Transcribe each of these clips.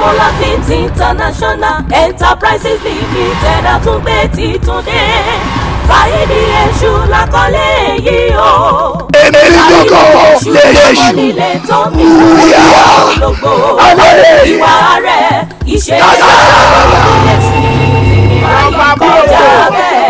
Formula Teams International Enterprises Limited àtúngbé titun dé. Fáyidì èṣù làkọ́lé èyí o. Èmi ló kọ́ lé èṣù. Wúyà àwọn èyí. Ìwà rẹ̀ ìṣe ìṣe ìṣe ìṣe ìṣe ìṣe ìṣe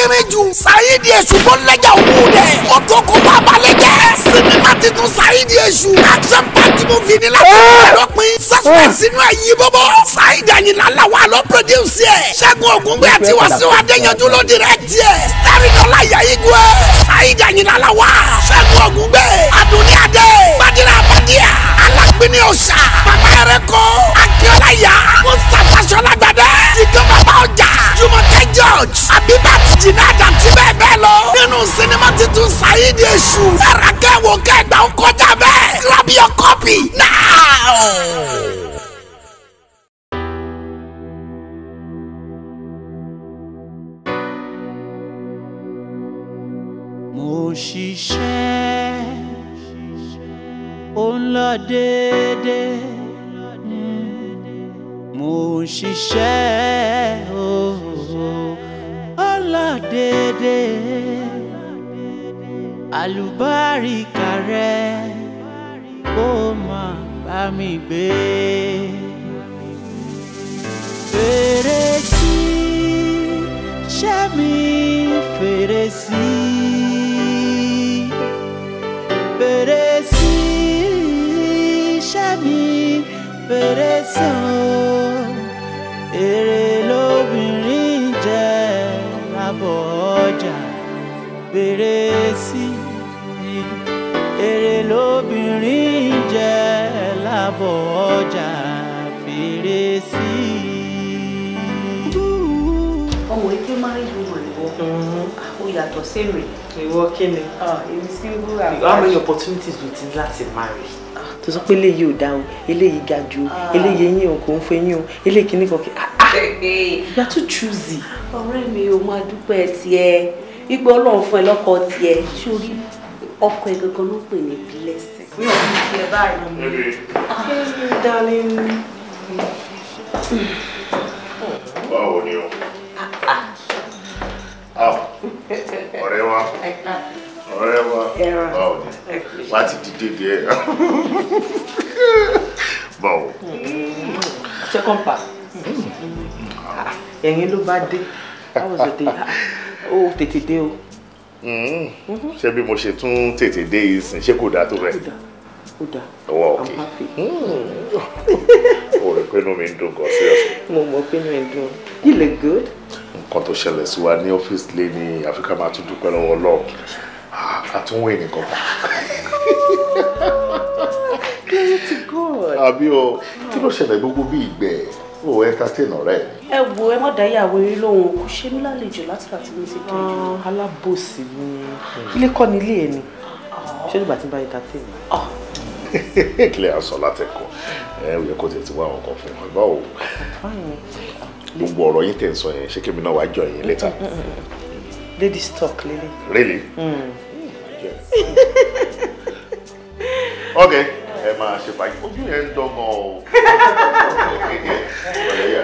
kéré jù. Saheed Osupa gbọ́nlẹ́jà owó dẹ̀. ọ̀tọ́ kó bá balẹ̀ jẹ́. sinima titun Saheed Osupa. action party, packed movie ni láti lọ́pin. suspense inú ẹ̀ yí bọ́bọ́. Saheed Ayinla Lawal ló produce ẹ̀. Ṣẹ́gun Ògúngbé àti Wasiu Adéyanjú ló direct ẹ̀. starring Ọláìyá Igwe. Saheed Ayinla Lawal. Ṣẹ́gun Ògúngbé. Adúnní Adé. Gbadira Bàdíà agbini ọ̀sà. bàbá yẹrẹ kọ́ akíọ́lá yá. mustapha sọlágbàdẹ. jìkan bàbá ọjà. jùmọ̀kẹ́ george. àbíbá tìjìnà àdàtì bẹ́ẹ̀ bẹ́ẹ̀ lọ. nínú sinimá titun sayidi èṣù. fẹ́rẹ̀ kẹ́wò kẹ́gbà ó kọjá bẹ́ẹ̀. grab your copy now. mo ṣiṣẹ́ ó ń lọ déédéé mo ń ṣiṣẹ́ ó ń lọ déédéé àlùbáríkà rẹ ó máa bá mi gbé. Fèrèsé ṣẹ́ mi. fèrè sàn o èrè lóbìnrin jẹ́ abọ́ ọjà bèrè sí i èrè lóbìnrin jẹ́ lábọ̀ ọjà fèrè sí i. how many opportunities do you think in marriage? tó sọ pé eléyìí ò dáa o eléyìí ga jù o ah. eléyìí eyín o kò ń fọ eyín o eléyìí kìíní kan kì í ah, ah. you are too choosy. ọ̀rẹ́ mi ò máa dúpẹ́ tiẹ̀ ipò ọlọ́run fún ẹ lọ́kọ tiẹ̀ sórí ọkọ ẹ gangan ló pè ní blessing. mi ò ní tiẹ̀ báyìí. darling. báwo ni o. ọ̀rẹ́ wa ọ̀rẹ́ wa báwo ni wá ti dìde díẹ̀ báwo. second part. Mm. ẹ̀yin ló bá dé báwo ṣe dé o tètè dé o. Mm. Mm-hmm. ṣé bí mo ṣe tún tètè dé yìí sìn ṣé kò dáa tó rẹ ó dáa ọwọ́ òkè mm. o rẹ pé inú mi ń dùn gan serious. mo mọ pé inú ẹ dùn you look good. nǹkan tó ṣẹlẹ̀ sí wa ní ọ́fíìsì lé ní àfikà máa tún dúpẹ́ lọ́wọ́ Ọlọ́run àtúnwé ah, nìkan. glory to God. àbí o kí ló ṣẹlẹ̀ gbogbo bí ìgbẹ́ o entertain ọ̀rẹ́ ẹ̀. ẹ wo ẹ má dá ìyàwó eré lóhun kò ṣe mí lálejò láti láti mi ti dé. Ah, alábòsí ni hmm. ilé kọ́ ni ilé ẹ̀ ni ah. ṣé nígbà tí n bá entertain kílẹ̀ à ń sọ látẹ̀kọ̀ ẹ ò yẹ kó tiẹ̀ ti wá àwọn kan fún wọn báwo gbogbo ọ̀rọ̀ yín tẹ̀ ń sọ yẹn ṣé kí èmi náà wá jọ yín létà Ladies talk, Lily. Really? Mm. Yes. okay. Ẹ máa ṣe fàájì. Ojú yẹn ń dọ́gbọ̀n o. Ọ̀rẹ́ yà.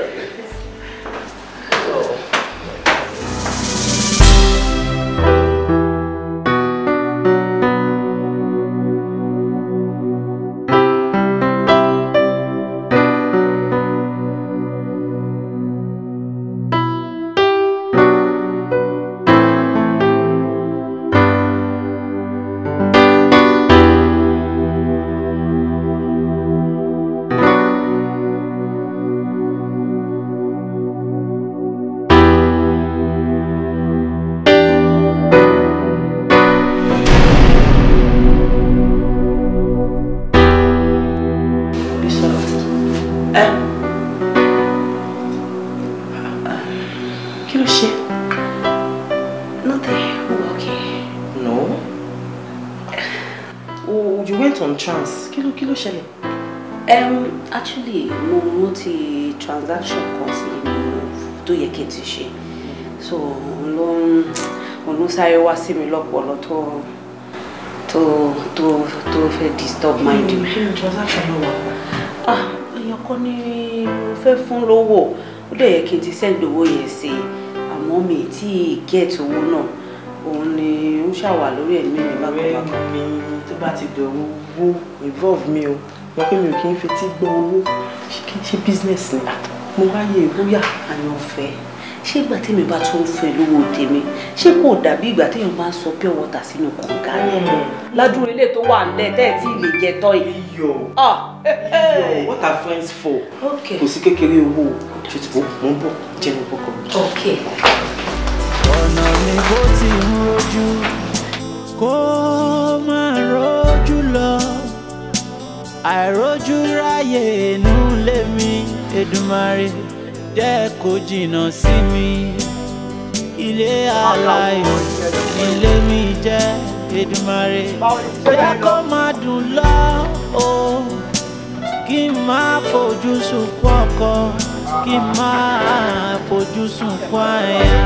Um, actually, mo mo transaction kan sí tó yẹ kí n ti ṣe. So, ló ń ló ń sáré wá sí mi lọ́pọlọ tó tó tó tó fẹ́ disturb mind mi. Kí ni transaction náà wà? Ah, èèyàn kan ni mo fẹ́ fún lówó. Ó dẹ̀ yẹ kí n ti send owó yẹn sí i. Àmọ́ mi tí get owó náà. Òun ni ó ṣàwà lórí ẹ̀mí mi bákan bákan. Ọ̀rẹ́ mi tó bá ti dọ̀wọ́ involve me o wọ́n pé mi ò kí ń fetí gbọ́ owó ṣe bísínẹ́sì ni mo wáyé ìwúyà àyàn ọ̀fẹ́ ṣé ìgbà tèmi bá tún fẹ́ lówó tèmi ṣé kò dàbí ìgbà téèyàn bá ń sọ pure water sínú kànga rẹ̀ hmm. ládùúrú ilé tó wà nílẹ̀ tẹ́ ẹ̀ tí lè jẹ tán yìí. iyọ̀ ah. what are friends for kò sí kékeré owó ṣètìpó mò ń bọ̀ jẹnu pọkàn. ọ̀nà ni bó ti ń rojú kó máa rojú lọ àìrójú ráyè inú lé mi Èdùmàrè jẹ́ kó jìnnà sí mi ilé aláyọ̀ ilé mi jẹ́ Èdùmàrè jẹ́ kó má dùn lọ o kí n má fojú sunkún ọkọ kí n má fojú sunkún àyà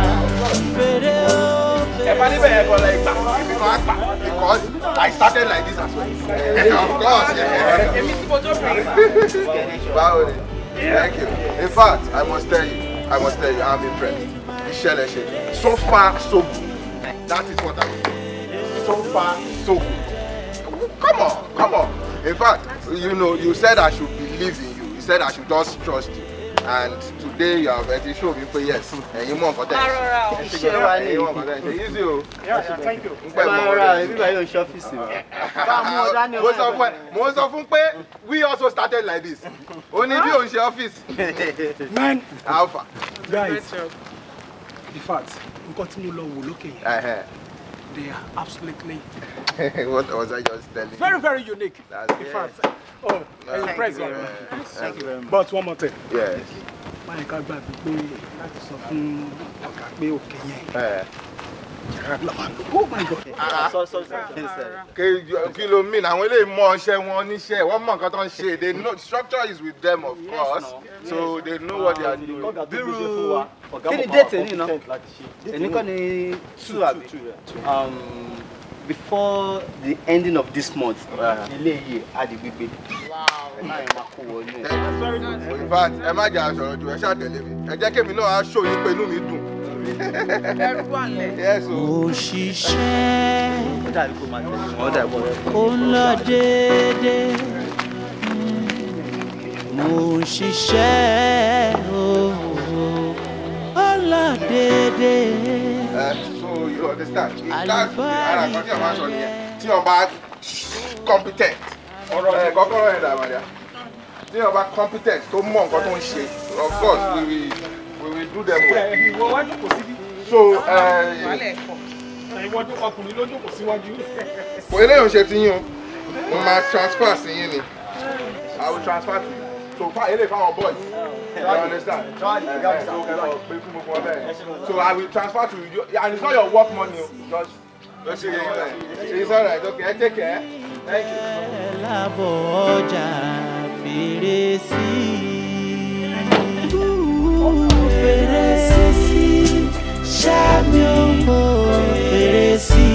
fèrè o because I started like this as well. of course. yeah. ti thank you in fact I must tell you I must tell you I'm impressed ìṣẹ̀lẹ̀ ṣe so far so good that is what I was so far so good come on come on in fact you know you said I should believe in you you said I should just trust you and today you have already show mi pé yes ẹ̀yin mọ̀ nǹkan tẹ̀ ẹ̀ ṣe ṣe wá ní ẹ̀yin mọ̀ nǹkan tẹ̀ ṣe easy o. ẹ máa ra ẹbí báyìí lọ ṣọ́fíìsì rẹ̀. mo sọ fún ẹ mo sọ fún pé we also started like this o ní bí òun ṣe ọ́fíìsì. man alpha. guys the fact nǹkan tí mo lọ wò lókè yẹn. They are absolutely. what was I just telling you? Very, very unique. That's in fact, Oh, no, thank Thank you very much. But one more thing. Yes. Báyìí ká gbàgbé pé láti sọ fún ọ̀gá pé òkè yẹn. Oh my God. Ah, ah. Kí ló mean? Àwọn eléyìí mọ iṣẹ́ wọn níṣẹ́, wọ́n mọ nǹkan tó ń ṣe. They know structure is with them of course. So they know what they are ah, doing. Bírú kí ni déètì ẹ̀ní náà? Ẹ̀ní kọ́ ni two àbí? Um, before the ending of this month eléyìí uh, adigbigbe ẹ máa ma ẹ má jà sọ̀rọ̀ jù ẹ ṣáà tẹ̀lé mi ẹ jẹ́ kémi náà á ṣó pé inú mi dùn. òṣìṣẹ́ ó lọ déédéé mo ó lọ déédéé you understand that's ara kan tí ọba sọ nìyẹn tí ọba competent ọ̀rọ̀ ẹ̀ kọ́kọ́rọ́ ẹ̀ dàbàdà competent tó mọ̀ nǹkan tó ń of course we will we will do them well. so ìwọ́dún ọkùnrin ló jókòó síwájú. kò eléyìí ṣe ti yín mo máa transfer sí yín ni i will transfer to you so far fáwọn boys you understand? Try it. Yeah, so, uh, so I will transfer to you, and it's not your work money. Oh. Just it's all right. Okay, take care. Thank you. Fèrèsì, ṣàmì òpó fèrèsì,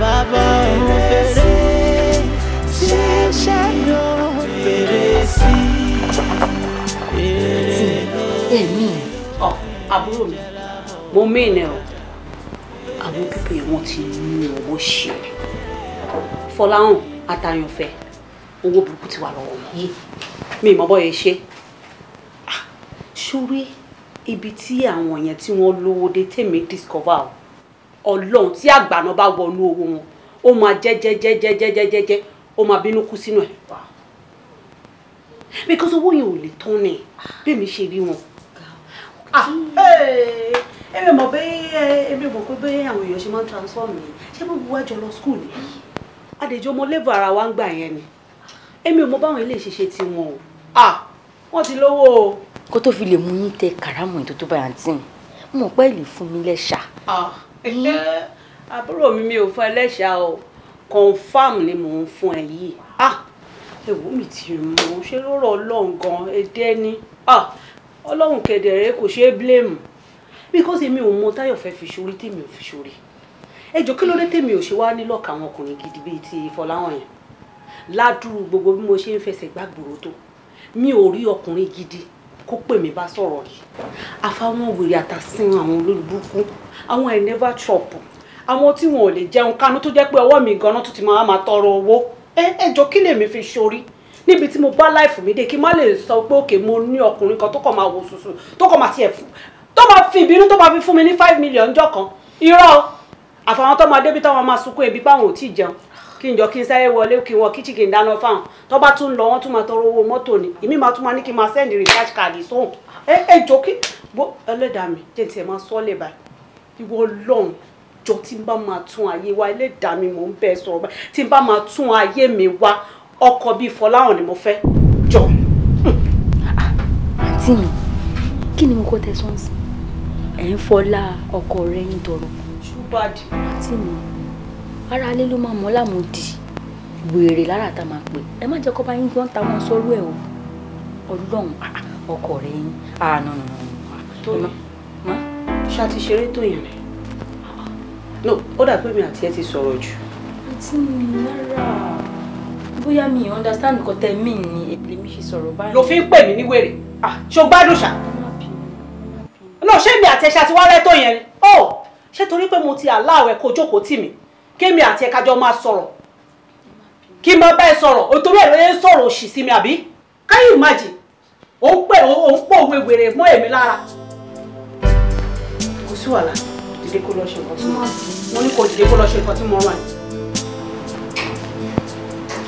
bàbá òun fèrèsì, ṣàmì òpó fèrèsì. èmi ọ àbúrò mi mo mìíní ọ àwọn pípé wọn ti ní owó ṣe Fọláhàn àtàyànfẹ́ owó burúkú ti wà lọ́wọ́ wọn mi ìmọ̀ bọ́yẹ ṣe ah, sórí ibi tí àwọn yẹn tí wọ́n lówó dé tèmi discover ọlọ́run tí àgbàna bá wọnú owó wọn ó máa jẹ́ jẹ́ jẹ́ jẹ́ jẹ́ jẹ́ jẹ́ jẹ́ ó máa bínú kú sínú ẹ̀ because owó yẹn ò lè tán ni bí mi ṣe rí wọn Ah, hmm. eh, èmi mọ̀ pé eh, èmi mọ̀ pé bí àwọn èèyàn ṣe máa ń transform mi ṣé gbogbo wa jọ lọ school ni adèjọ ọmọ lẹ́bù ara wa ń gbà yẹn ni èmi ò mọ báwọn ilé ìṣiṣẹ́ ti wọn o ah, wọ́n ti lówó o. kó tó fi lè mú yín tẹ kàrámù ètò tó bá àǹtí mo pẹ́ lè fún mi lẹ́ṣà. Ah, eh, àbúrò mi mi ò fún ẹ lẹ́ṣà o confam ni mò ń fún ẹ yìí. ẹ̀wọ́ mi ti mọ̀ ṣé ló rọ̀ ọ́ lọ́ọ̀ ẹ̀dẹ́ ni. Ah ọlọ́run kẹ̀dẹ̀rẹ́ kò ṣeé blame because èmi ò mọ táyọ̀ fẹ́ fi ṣorí tèmi ò fi ṣorí ẹjọ́ kí ló dé tèmi ò ṣe wá nílọ́ọ̀kà àwọn ọkùnrin gidi bíi ti Fọláhàn yẹn ládùúrú gbogbo bí mo ṣe ń fẹsẹ̀ gbàgbòrò tó mi ò rí ọkùnrin gidi kó pè mí bá sọ̀rọ̀ yìí àfàwọn wèrè àtàsìn àwọn olólùbùkún àwọn ẹ̀ never chop àwọn tí wọn ò lè jẹun kánú tó jẹ́ pé ọwọ́ mi gan-an tó ti máa máa tọrọ owó ẹ ẹjọ́ kí lèmi fi ṣorí níbi tí mo bá láìfù mi dé kí n má lè sọ pé òkè mo ní ọkùnrin kan tó kàn máa wo sùsù tó kàn máa tiẹ̀ fún tó máa fi ìbínú tó máa fi fún mi ní five million jọ kan irọ́ àfàwọn tó máa débi táwọn máa sunkún ebi báwọn ò tí ì jẹun kí n jọ kí n sáré wọlé kí wọn kí chicken dáná fáwọn tó bá tún lọ wọn tún máa tọrọ owó mọ́tò ni èmi máa tún máa ní kí n máa send recharge card sóhùn ẹ ẹ jọ kí bó ẹlẹ́dàá mi jẹ́ tiẹ̀ máa sọ́ lè báyìí ìwọ ọlọ́run jọ tí n bá máa tún ayé wa ẹlẹ́dàá mi mò ń bẹ́ẹ̀ sọ̀rọ̀ tí n bá máa tún ayé mi wá ọkọ bíi Fọláhàn ni mo fẹ́ jọ. àǹtí mi kí ni mo kọ́ tẹ̀sán sí ẹ̀ ń fọlá ọkọ rẹ ń dọ̀rọ̀. ṣùgbọ́dì. àǹtí mi ara alẹ́ ló máa mọ́ lámòdì wèrè lára tá a máa pè ẹ má jẹ́ kó bá yín gbọ́n ta wọn sọ́rú ẹ̀ o ọlọ́run ah, ah, ọkọ rẹ yín àánú nù nù. ṣá ti ṣeré tó yẹn rẹ no ó dà pé mi àti ẹ ti sọ̀rọ̀ jù. àǹtí mi lára bóyá mi ò understand nǹkan tẹ́ mí ni èbìlì mi fi sọ̀rọ̀ báyìí. ló fi ń pè mí ní wèrè ah, ṣó gbádùn ṣá. no ṣé mi àti ẹṣẹ àti wálé tó yẹn ni ó oh, ṣé torí pé mo ti aláàwẹ̀ kó jókòó tì mí kémi àti ẹ̀ka jọ máa sọ̀rọ̀ kí n máa bá ẹ sọ̀rọ̀ òtòrí ẹ̀ ló yẹ sọ̀rọ̀ òṣì sí mi àbí can you imagine ò ń pè ò ń pòwe wèrè mọ́ èmi lára kò sí wàhálà dìde kó lọ ṣe nǹkan tí mo rán mo ní kó dìde kó lọ ṣe nǹkan tí mo rán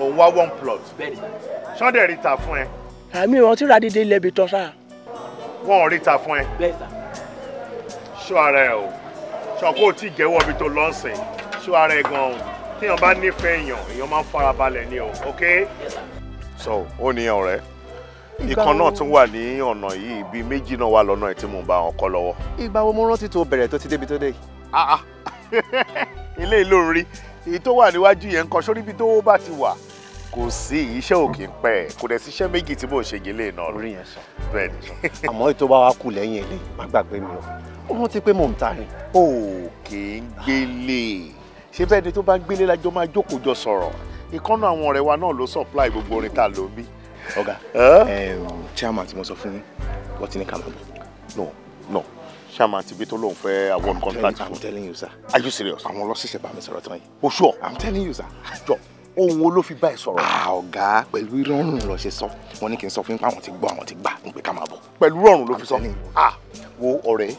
òun wá one plot ṣọ́ndẹ̀ rí ta fún ẹ. àmì wọn ti ra dídé ilẹ̀ ibi tán sáà. wọn ò rí ta fún ẹ. ṣọ́ ara ẹ o ṣọkó ò tí ì gẹ́wọ́ ibi tó lọ́sìn ṣọ́ ara ẹ gan-an téèyàn bá nífẹ̀ẹ́ èèyàn èèyàn máa ń farabalẹ̀ ni o ok. so ó ní ọ̀rẹ́ ìkan náà tún wà ní ọ̀nà yìí bíi méjì náà wà lọ́nà ẹ̀ tí mò ń bá ọkọ lọ́wọ́. ìgbà wo mo rántí tó bẹ̀rẹ̀ tó ti débi tó dé yìí. ilé ìlú rí èyí tó wà níwájú yẹn ń kọ sórí ibi tó bá ti wà kò sí iṣẹ́ òkè pẹ́ kò dẹ̀ sí méjì tí mò ń ṣe gílé náà. orí yẹn sọ bẹ́ẹ̀ ni. àmọ́ ètò bá wa kù lẹ́yìn èlé má gbàgbé mi o ó rántí pé mò ń tarin. òkè ń gbélé ṣé bẹ́ẹ̀ ni tó bá ń gbélé lájọ máa jókòó jọ sọ̀rọ̀ ìkọ́nà àwọn ọ̀rẹ́ wa náà ló supply gbogbo orin tá a bí. ọ̀gá chairman tí mo sọ fún yín wọ́n ti ní ká bọ̀. no no chairman ti bí tó lóun fẹ́ contract I'm telling you sir. Are you serious? Àwọn ọlọ́sísẹ́ bá mi sọ̀rọ̀ tán yìí. O sure? I'm telling you sir. Jọ ohun wo ló fi bá ẹ sọ̀rọ̀. a ah, ọ̀gá pẹ̀lú ìrọ̀rùn lọ ṣe sọ wọn ní kí n sọ fún ti gbọ́ àwọn ti gbà ń pé ká máa bọ̀. pẹ̀lú ìrọ̀rùn ló fi sọ a ah, wo ọ̀rẹ́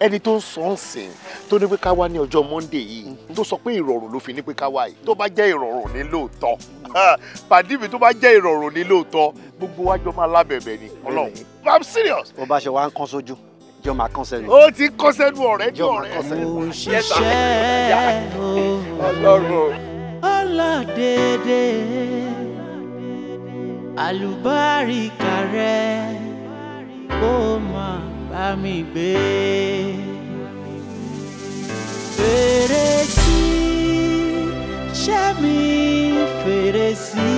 ẹni tó ń sọ ń sìn tó ní pé ká wá ní ọjọ́ Monday yìí mhm. tó sọ pé ìrọ̀rùn ló fi ní pé ká wá yìí tó bá jẹ́ ìrọ̀rùn ní lóòótọ́ ah, pàdé tó bá jẹ́ ìrọ̀rùn ní lóòótọ́ gbogbo wájọ máa lábẹ̀bẹ̀ ni Ọlọ́run I'm serious. bó bá ṣe wá ń kán sójú jọ máa kán sẹ́nu. ó ti kán sẹ́nu ọ̀rẹ́ ní ọ̀rẹ́. òṣìṣẹ́ ọlọ́run. ọlọ́dẹ̀dẹ̀ àlùbáríkà rẹ kó máa bá mi gbé. fèrèsì ṣẹ́ fèrèsì.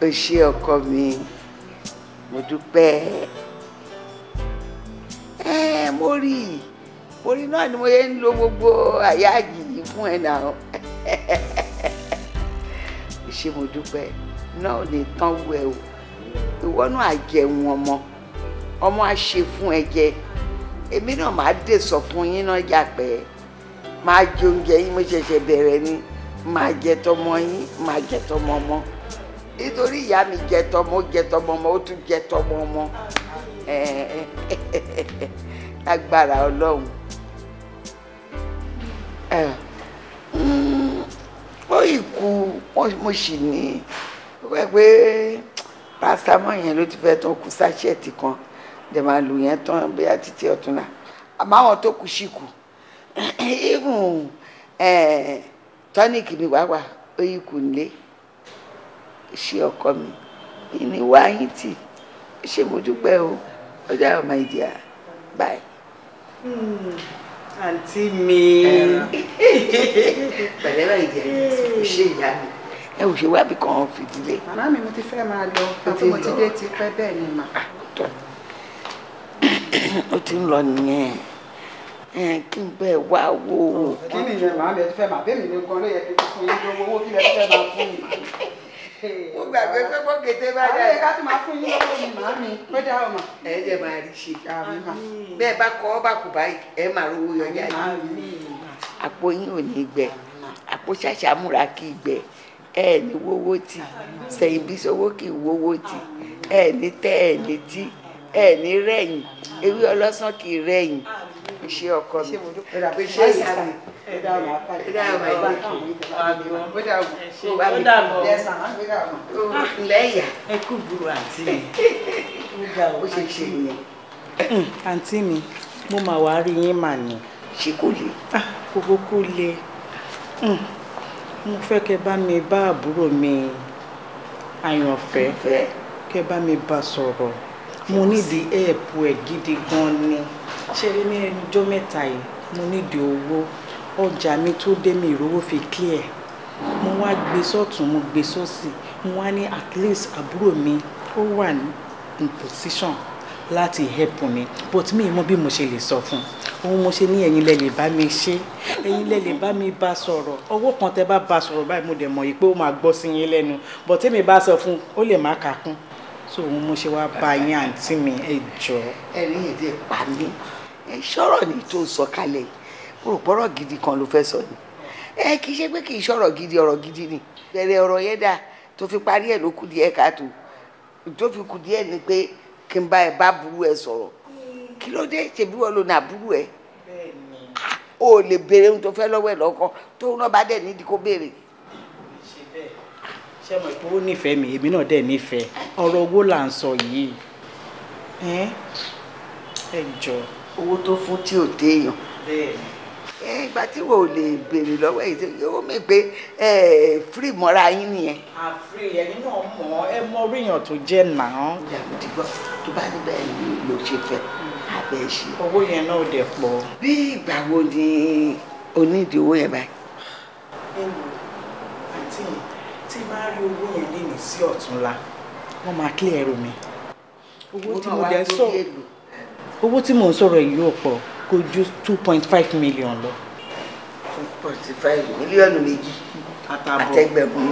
o ṣé ọkọ mi mo dúpẹ́ ẹ mo rí mo rí náà ni mo yẹ ń lo gbogbo àyà yìí fún ẹ náà o ṣé mo dúpẹ́ náà ò ní tán wú ẹ o ìwọ náà àjẹun ọmọ ọmọ á ṣe fún ẹ jẹ èmi náà máa dè sọ fún yín náà jà pé máa jẹ oúnjẹ yín mo ṣẹ̀ṣẹ̀ bẹ̀rẹ̀ ni máa jẹ tọmọ yín máa jẹ tọmọ ọmọ nítorí ìyá mi jẹ tọmọ ó jẹ ọmọ ó tún jẹ tọmọ ọmọ lágbára Ọlọ́run mm, ó ìkú mo sì ní wẹ́ pé paracetamol yẹn ló ti fẹ́ tán kú sáṣẹ́ẹ̀tì kan dẹ̀ máa lò yẹn tán bóyá títí ọ̀túnla àmọ́ àwọn tó kù sí kù even eh, tonic mi wá wà ó yí nílé ṣe ọkọ mi ìní wá yín tì ṣe mo dúpẹ́ o ọjà ọmọ ìdí à báyìí. àǹtí mi. pẹ̀lẹ́ bá ìdí à ṣe ìyá mi ẹ ò ṣe wá bí kan fìdílé. màmá mi mo ti fẹ́ máa lọ àti mo ti dé ti pẹ́ bẹ́ẹ̀ ni mà. Ah, ó ti ń lọ nìyẹn kí n bẹ wá wo. kí nìyẹn màá mi ẹ ti màá bẹ́ẹ̀ mi ní gan ló kí n fún yín lówó kí lẹ fẹ́ máa fún mi mo gbàgbé pé kó kété bá dá yìí. ká tún máa fún yín lọ́wọ́ mi màá mi pé dá ọmọ. ẹ jẹ máa rí ṣe bẹ́ẹ̀ bá kọ ọ bá kù báyìí ẹ máa rówó yọjá yìí àpò yín ò ní gbẹ àpò ṣàṣà múra kì í gbẹ ẹ ní wówó tì sẹ́yìn bí sowó kì í wówó tì ẹ ní tẹ ẹ létí ẹ ní rẹ̀yìn ewé ọlọ́sàn kì í rẹ̀yìn ìṣe ọkọ mi ìṣe ìyá mi ìdá ọmọ apáyé ìdá ọmọ ìbá ó dàbọ̀ lẹ́yà ẹ kú burú àǹtí mi ó ṣe ṣe ìyẹn. àǹtí mi mo máa wá rí yín mà ní. ṣé kò le. Ah, kókó kò le hmm. mo fẹ́ kẹ́ bá mi bá àbúrò mi àyànfẹ́ kẹ́ bá mi bá sọ̀rọ̀ mo nídìí ẹ̀ẹ̀pù ẹ̀ gidi gan ni ṣe rí ní ẹnu ọjọ́ mẹ́ta yìí mo nídìí owó ọjà mi tó dé mi ìrówó fi clear mo wá gbé sọ́tún mo gbé sọ́sì mo wá ní at least àbúrò mi ó wà ní in position láti help mi but mi mọ bí mo ṣe lè sọ fún ohun mo ṣe ní ẹ̀yin lẹ lè bá mi ṣe ẹ̀yin lẹ lè bá mi bá sọ̀rọ̀ ọwọ́ kan tẹ bá bá sọ̀rọ̀ báyìí mo dẹ̀ mọ̀ yìí pé ó máa gbọ́ sí yín lẹ́nu but tẹ́mi bá sọ fún ó lè má kà kún so òun mo ṣe wá bá yín àǹtí mi ẹ jọ. ẹ̀rín yìí dẹ̀ pa mí ṣọ́rọ̀ ni tó sọ kalẹ̀ mo gidi kan ló fẹ́ sọ ni ẹ kì í ṣe pé kì í ṣọ̀rọ̀ gidi ọ̀rọ̀ gidi ni bẹ̀rẹ̀ ọ̀rọ̀ yẹn dà tó fi parí ẹ̀ ló kù díẹ̀ káàtó tó fi kù díẹ̀ ni pé kí n bá ẹ bá burú ẹ sọ̀rọ̀ kí ló dé ṣèbí wọn lò ní àbúrò ẹ ah, o lè béèrè ohun tó fẹ́ lọ́wọ́ ẹ lọ́kàn tó ń lọ́ bá dẹ̀ nídìí kó béèrè ṣé mo ìpò ó nífẹ̀ẹ́ mi èmi náà dẹ̀ nífẹ̀ẹ́ ọ̀rọ̀ owó là ń sọ yìí ẹ jọ. owó tó fún tí ò déèyàn ìgbà tí wò lè béèrè lọ́wọ́ èyí yóò mí pé ẹ fírì mọ́ra yín nìyẹn. àfírí ẹ̀yin náà mọ̀ ẹ mọ ríyàn tó jẹ́ nàá. ìyàwó dìgbọ́ tó bá níbẹ̀ ni ló ṣe fẹ́ abẹ́ ṣe. owó yẹn náà dẹ̀ pọ̀. bí ìgbà wo ni onídìí owó yẹn báyìí tí máa rí owó yẹn lé ní sí ọ̀túnla wọ́n máa clear ẹrù mi owó tí mo dẹ̀ sọ owó tí mò ń sọ̀rọ̀ yìí ò pọ̀ kò ju two point five million lọ. two point five mílíọ̀nù méjì àtẹgbẹ̀rún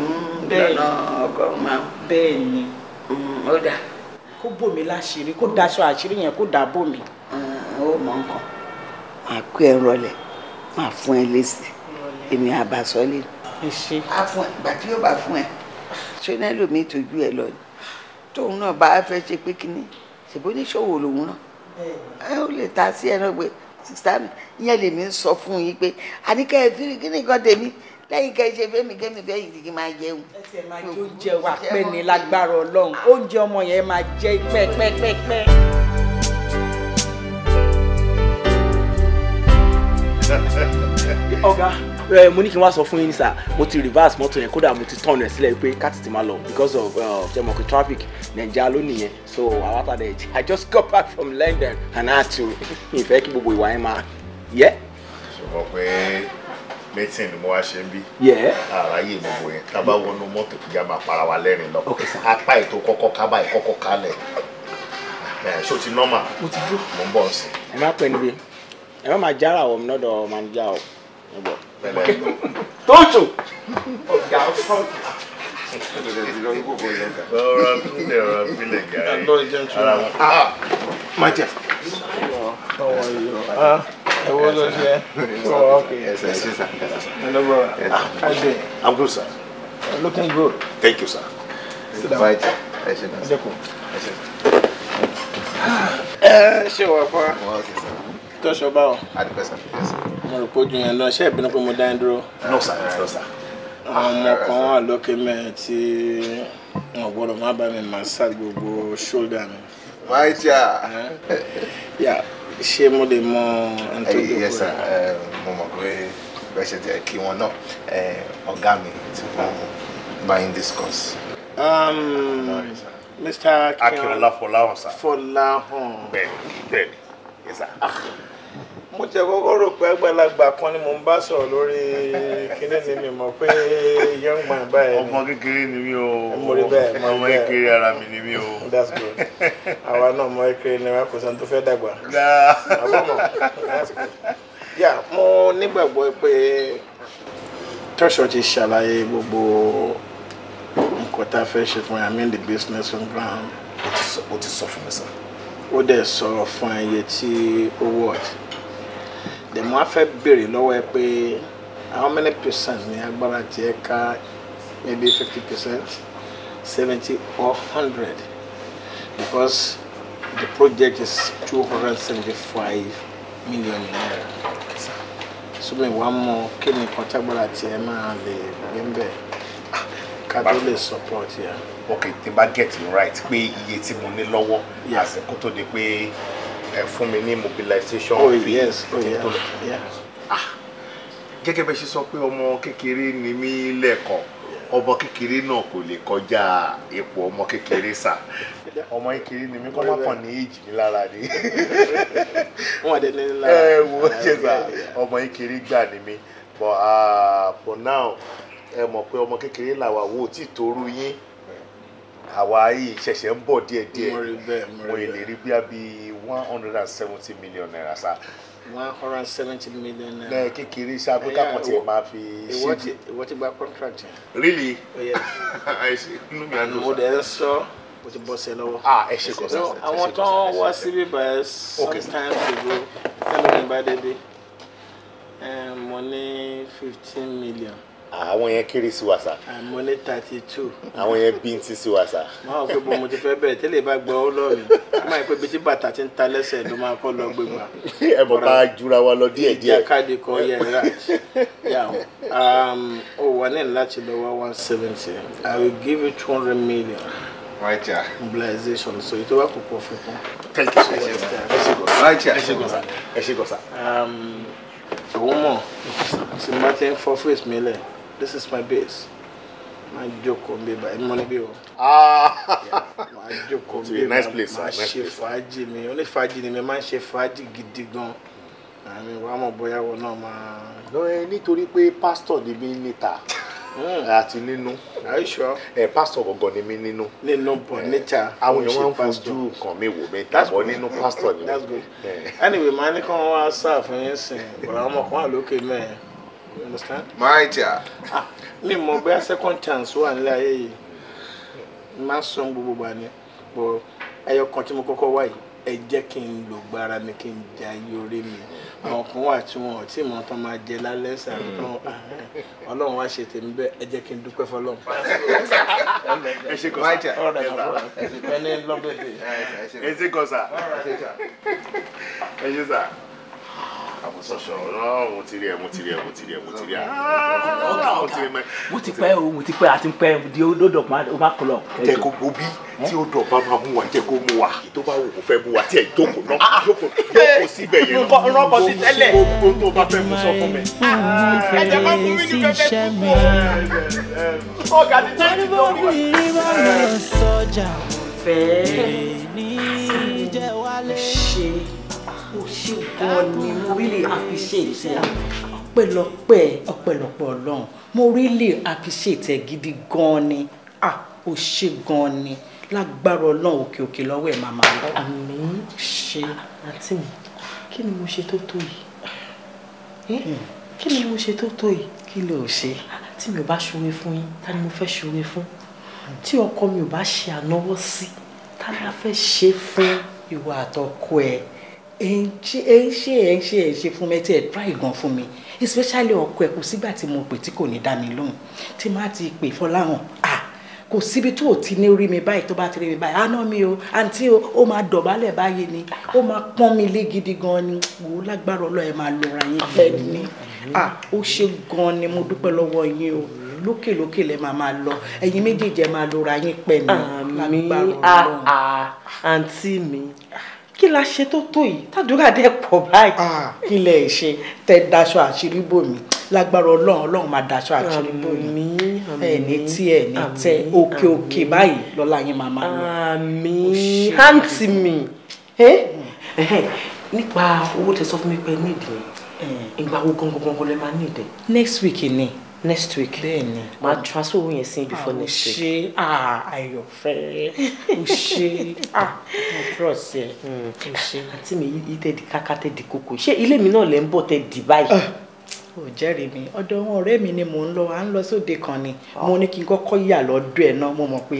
lọ́nà ọgọ́rùn-ún. bẹ́ẹ̀ ni mm, ó dà. kó bò mí láṣìírí kó daṣọ àṣírí yẹn kó dà bò mí. Mm, ó mọ nǹkan àkú ẹ rọlẹ̀ máa fún ẹ lésì èmi àbàsọ́lé ni á fún ẹ ìgbà tí yóò bá fún ẹ ṣé nẹ́lòmíì tójú ẹ lọ tóun náà bá fẹ́ ṣe pé kínní ṣèbó níṣòwò lòun náà ẹ ó lè ta sí ẹ pé sísá mi ìyẹn lèmi ń sọ fún yín pé àníkẹ́ ẹ fírí kí nìkan tèmi lẹ́yìn kẹ́ ṣe fẹ́mi kẹ́mi fẹ́yìn tí kì máa jẹun. ẹ tiẹ̀ máa jẹ wà pẹ́ ní lágbára ọlọ́run oúnjẹ ọmọ yẹn máa jẹ pẹ́pẹ́pẹ́pẹ́. ọ̀gá ẹ eh, mo ní kí n wá sọ fún yín sà mo ti reverse mọ́tò yẹn kódà mo ti turn rẹ̀ sílẹ̀ pé ká tètè máa lọ because of jẹmọ̀kì eh, traffic nàìjíríà lónìí yẹn so àwa tà dẹ̀ jẹ́ i just got back from London and i had to ìfẹ́ kí gbogbo ìwà yẹn máa yẹ. sọ pé meeting ni mo wá ṣe ń bí. àráyè gbogbo yẹn tá a bá wọnú mọ́tò kí a máa para wa lẹ́rìn lọ. apá ètò kọ́kọ́ kábà ìkọ́kọ́ kálẹ̀ eh, ṣó ti nọ́mà mo ń bọ̀ ọ̀sẹ̀. ẹ má pẹ́ níbi ẹ má máa jára ọ̀ mi lọ́dọ̀ manager ọ̀ ẹ bọ̀ ah. Ah, ah, Tójú. Ọ̀gá ọ̀fọ̀gà. Ọ̀rọ̀ abílẹ̀ ọ̀rọ̀ abílẹ̀ gàrí. Ara wọn. Má jẹ. Ẹ wo ló ṣe? Ẹsẹ̀ ẹsẹ̀ sà. Hello brother. How you doing? I'm good sir. You're looking good. Thank you sir. Sit down. Ẹ ṣe náà. Ẹ ṣe náà. Ẹ ṣe wà fún wa. Wọ́n á ti sọ̀rọ̀. Dr. Sobawo. Adúpẹ́ sá. Mo rò pé ojú yẹn lọ, ṣé ìbínú pé mo dá yín dúró? No sir, no sir. Àwọn ọmọ kan wà lókè mẹ́rin tí wọn gbọ́dọ̀ má bá mi massage gbogbo ṣóldà mi. Máa jà. Eh? Ṣé mo lè mọ ẹni tó eh, Yes sir, eh, mo mọ̀ pé bẹ́ẹ̀ ṣe jẹ́ kí wọn náà ọ̀gá mi ti wọ́n buying discuss. Um, no, Mr. Akinola Fọláhàn sir. Fọláhàn. Bẹ́ẹ̀ni, bẹ́ẹ̀ni, yes sir. Ah mo tẹ kọ́kọ́ rò pé àgbàlagbà kan ni mo ń bá sọ̀rọ̀ lórí kíní ni mi mọ̀ pé young man báyìí ni ọmọ kékeré ni mi o ọmọ kékeré ara mi ni mi o. that's good àwa náà ọmọ kékeré ni wa kò sẹ́ni tó fẹ́ dàgbà àbọ̀mọ̀ that's good. yà mo nígbàgbọ́ pé tọ́ṣọ̀ ti ṣàlàyé gbogbo nǹkan tá a fẹ́ ṣe fún yàrá the business on ground. o ti sọ fún mi sir. ó dẹ̀ sọ fún ẹyẹ tí ó wọ̀ ọ́. The mo á fẹ́ béèrè lọ́wọ́ ẹ pé how many percent ní agbára a ká maybe fifty percent seventy or hundred because the project is two hundred seventy-five million naira So ìwà one more. Can you contact tiẹ̀ máa lè gbé ń bẹ̀ ká tó lè support yà. ok tí bá get it right pé iye tí mo ní lọ́wọ́ àsìkò tó di pé fún mi ní mobilization oh, yes. oh, yeah. yeah. ah gẹ́gẹ́ bẹ́ẹ̀ ṣe sọ pé ọmọ kékeré ni mí lẹ́ẹ̀kan ọmọ kékeré náà kò lè kọjá ipò ọmọ kékeré sà ọmọ kékeré ni mí kọ́ má kàn ní èjì mi lára ni ẹ wo ah, ṣe sà ọmọ kékeré gbà ni mí but ah, for now ẹ mọ̀ pé ọmọ kékeré làwà wo tí toru yín àwa yìí ṣẹ̀ṣẹ̀ ń bọ̀ díẹ̀díẹ̀ mo lè rí bí i one hundred and seventy million naira sa one hundred and seventy million naira. lẹ́yìn kékeré iṣẹ́ africa kan tiẹ̀ máa fi ṣe jù. ìwọ ti gba contract really àìsí oh, inú mi àdó. mo dẹ̀ ń sọ mo ti bọ́ sí ẹ lọ́wọ́. ah ẹ ṣe kọ sá. àwọn tó ń wá síbí báyìí sometimes ago tẹ́lẹ̀ mi bá débi eh, mo ní fifteen million àwọn yẹn kéré sí wa sá. àmọ́ ní thirty two. àwọn yẹn bí n ti sí wa sá. mo hàn pé bó mo ti fẹ́ bẹ̀rẹ̀ tẹ́lẹ̀ bá gbọ́ ọ lọ́ọ̀mì ó máa ń pé bí tí bàtà ti ń ta lẹ́sẹ̀ ló máa kọ́ lọ gbégbá. ẹ bọ̀ bá a jura wa lọ díẹ̀ díẹ̀. ìjàkadì kọ yẹ ra um, ó wà ní láti lọ wá one seventy i will give you two hundred million. right here. mobilization so ètò wa kò pọ̀ fún un. thank you so much ẹ ṣe gọ right here ẹ ṣe gọ sá ẹ ṣe gọ sá. òun mọ̀ tí mo bá ti ń fọ́ face mi lẹ̀ this is my base My My Ah! máa jókòó nbẹ báyìí mọ níbí o. máa jókòó nbẹ báyìí máa ṣe ah. fàájì mi onífàájì ni I mean, ń ṣe fàájì gidi gan know, wa No, I need to máa. Pastor the minute. pásítọ̀ ni mí níta hmm. àti nínú eh, pásítọ̀ gọ̀gọ̀ ni mí nínú. nínú bọ̀ eh, níta àwọn èèyàn wọn fojú kan mi wò mí tàbọ̀ nínú Pastor. ni good. Eh. anyway màá ní kí wọ́n wá sáà fún yín sìn bọ̀dọ̀ àwọn ọmọkùnrin àlókè mẹ́ẹ̀. You understand? My dear. Ah, le second chance wà nílé ayé yìí. Má sọ gbogbo gbà ni. Bọ̀ ẹyọ kan tí mo kọ́kọ́ wá yìí, ẹ jẹ́ kí n lò gbára mi kí n ja ayé orí mi. Àwọn kan wà tí wọn ò tí mọ tán máa jẹ lálẹ́ sàrò hmm. tán. Ah, Ọlọ́run wá ṣe tèmi bẹ́ẹ̀, ẹ jẹ́ kí n dúpẹ́ fọlọ́run. Ẹ ṣe kọ́sà. Máìtì ọ̀rọ̀ ẹ̀ Ẹ ṣe kọ́sà. Ẹ ṣe kọ́sà. Ẹ ṣe sà àmúsọ̀sọ̀ oh, mo ti rí ẹ mo ti rí ẹ mo ti rí ẹ mo ti rí ẹ mo ti pẹ́ o mo ti pẹ́ àti pẹ́ di odò o má kọlọ̀. jẹ́ kó gbó bí tí ó dọ̀ bá máa mú wa jẹ́ kó mú wa kí tó bá wù kó fẹ́ mú wa tí ẹ̀ jókòó náà ah, ah. jókòó síbẹ̀ yẹn náà rọ́pò sí tẹ́lẹ̀ gbogbo tó bá fẹ́ mú sọ fún mi. Ah, ẹ jẹ́ máa mú mi ní fẹ́fẹ́ mi. ọ̀gá ti tẹ́ ní lórí wa. fẹ́ẹ́ ṣe ṣe gan ni mo really appreciate ẹ ọpẹ́lọpẹ́ ọpẹ́lọpẹ́ Ọlọ́run mo really appreciate ẹ gidi gan ni ah o ṣe gan ni lágbára Ọlọ́run òkè òkè lọ́wọ́ ẹ màmá lọ. àmín ṣe àǹtí mi kí ni mo ṣe tó tó yìí hmm. kí ni mo ṣe tó tó yìí. kí ló ṣe. tí mi ò bá ṣoore fún yín ta ni mo fẹ́ ṣoore fún hmm. tí ọkọ mi ò bá ṣe ànáwó sí ta ni a fẹ́ ṣe fún ìwà àtọkọ ẹ ẹ ń ṣe ẹ ń ṣe ẹ ń fún mi ẹ try gan fún mi especially ọkọ ẹ kò sígbà tí mo pè tí kò ní dá mi lóhùn tí má ti pè fọláhàn ah kò síbi tó ti ní rí mi báyìí tó bá ti rí mi báyìí àná mi o àǹtí o ó máa dọ̀bálẹ̀ báyìí ni ó máa pọ́n mi lé gidi gan ni wò ó lágbára ọlọ́ọ̀ ẹ máa lọ́ra yín pẹ́ ni ah ó ṣe gan ni mo dúpẹ́ lọ́wọ́ yín o lókè lókè lẹ máa máa lọ ẹ̀yin méjèèjì ẹ máa lọ́ra yín pẹ́ ni lágbára ọlọ́ọ̀ àǹtí mi kí la ṣe tó tó yìí tàdúrà dẹ pọ̀ báyìí. kí lẹ ṣe tẹ daṣọ àṣírí bò mí lágbára Ọlọ́run Ọlọ́run máa daṣọ àṣírí bò mí ẹni tí ẹni tẹ òkè òkè báyìí lọ́lá yín máa máa lọ. àmín àǹtí mi nípa owó tẹ sọ fún mi pé nídìí ìgbà wo gangan gangan lè máa nídìí. next week ni next week bẹ́ẹ̀ni ma transfer owó yẹn sí before ah, next week. ṣe ah ayọ̀fẹ́ ṣe ah mo trust ẹ. Hmm. ṣe àti mi yí tẹ́ di káká tẹ́ di kókó ṣé ilé mi náà lẹ́ ń bọ̀ tẹ́ di báyìí. ò ah, jẹ́rìí mi ọ̀dọ̀ ọ̀rẹ́ mi ni mò ń lọ à ń lọ sóde kan ni ah. mo ní kí n kọ́kọ́ yà lọ́dọ̀ ẹ̀ náà mo mọ̀ pé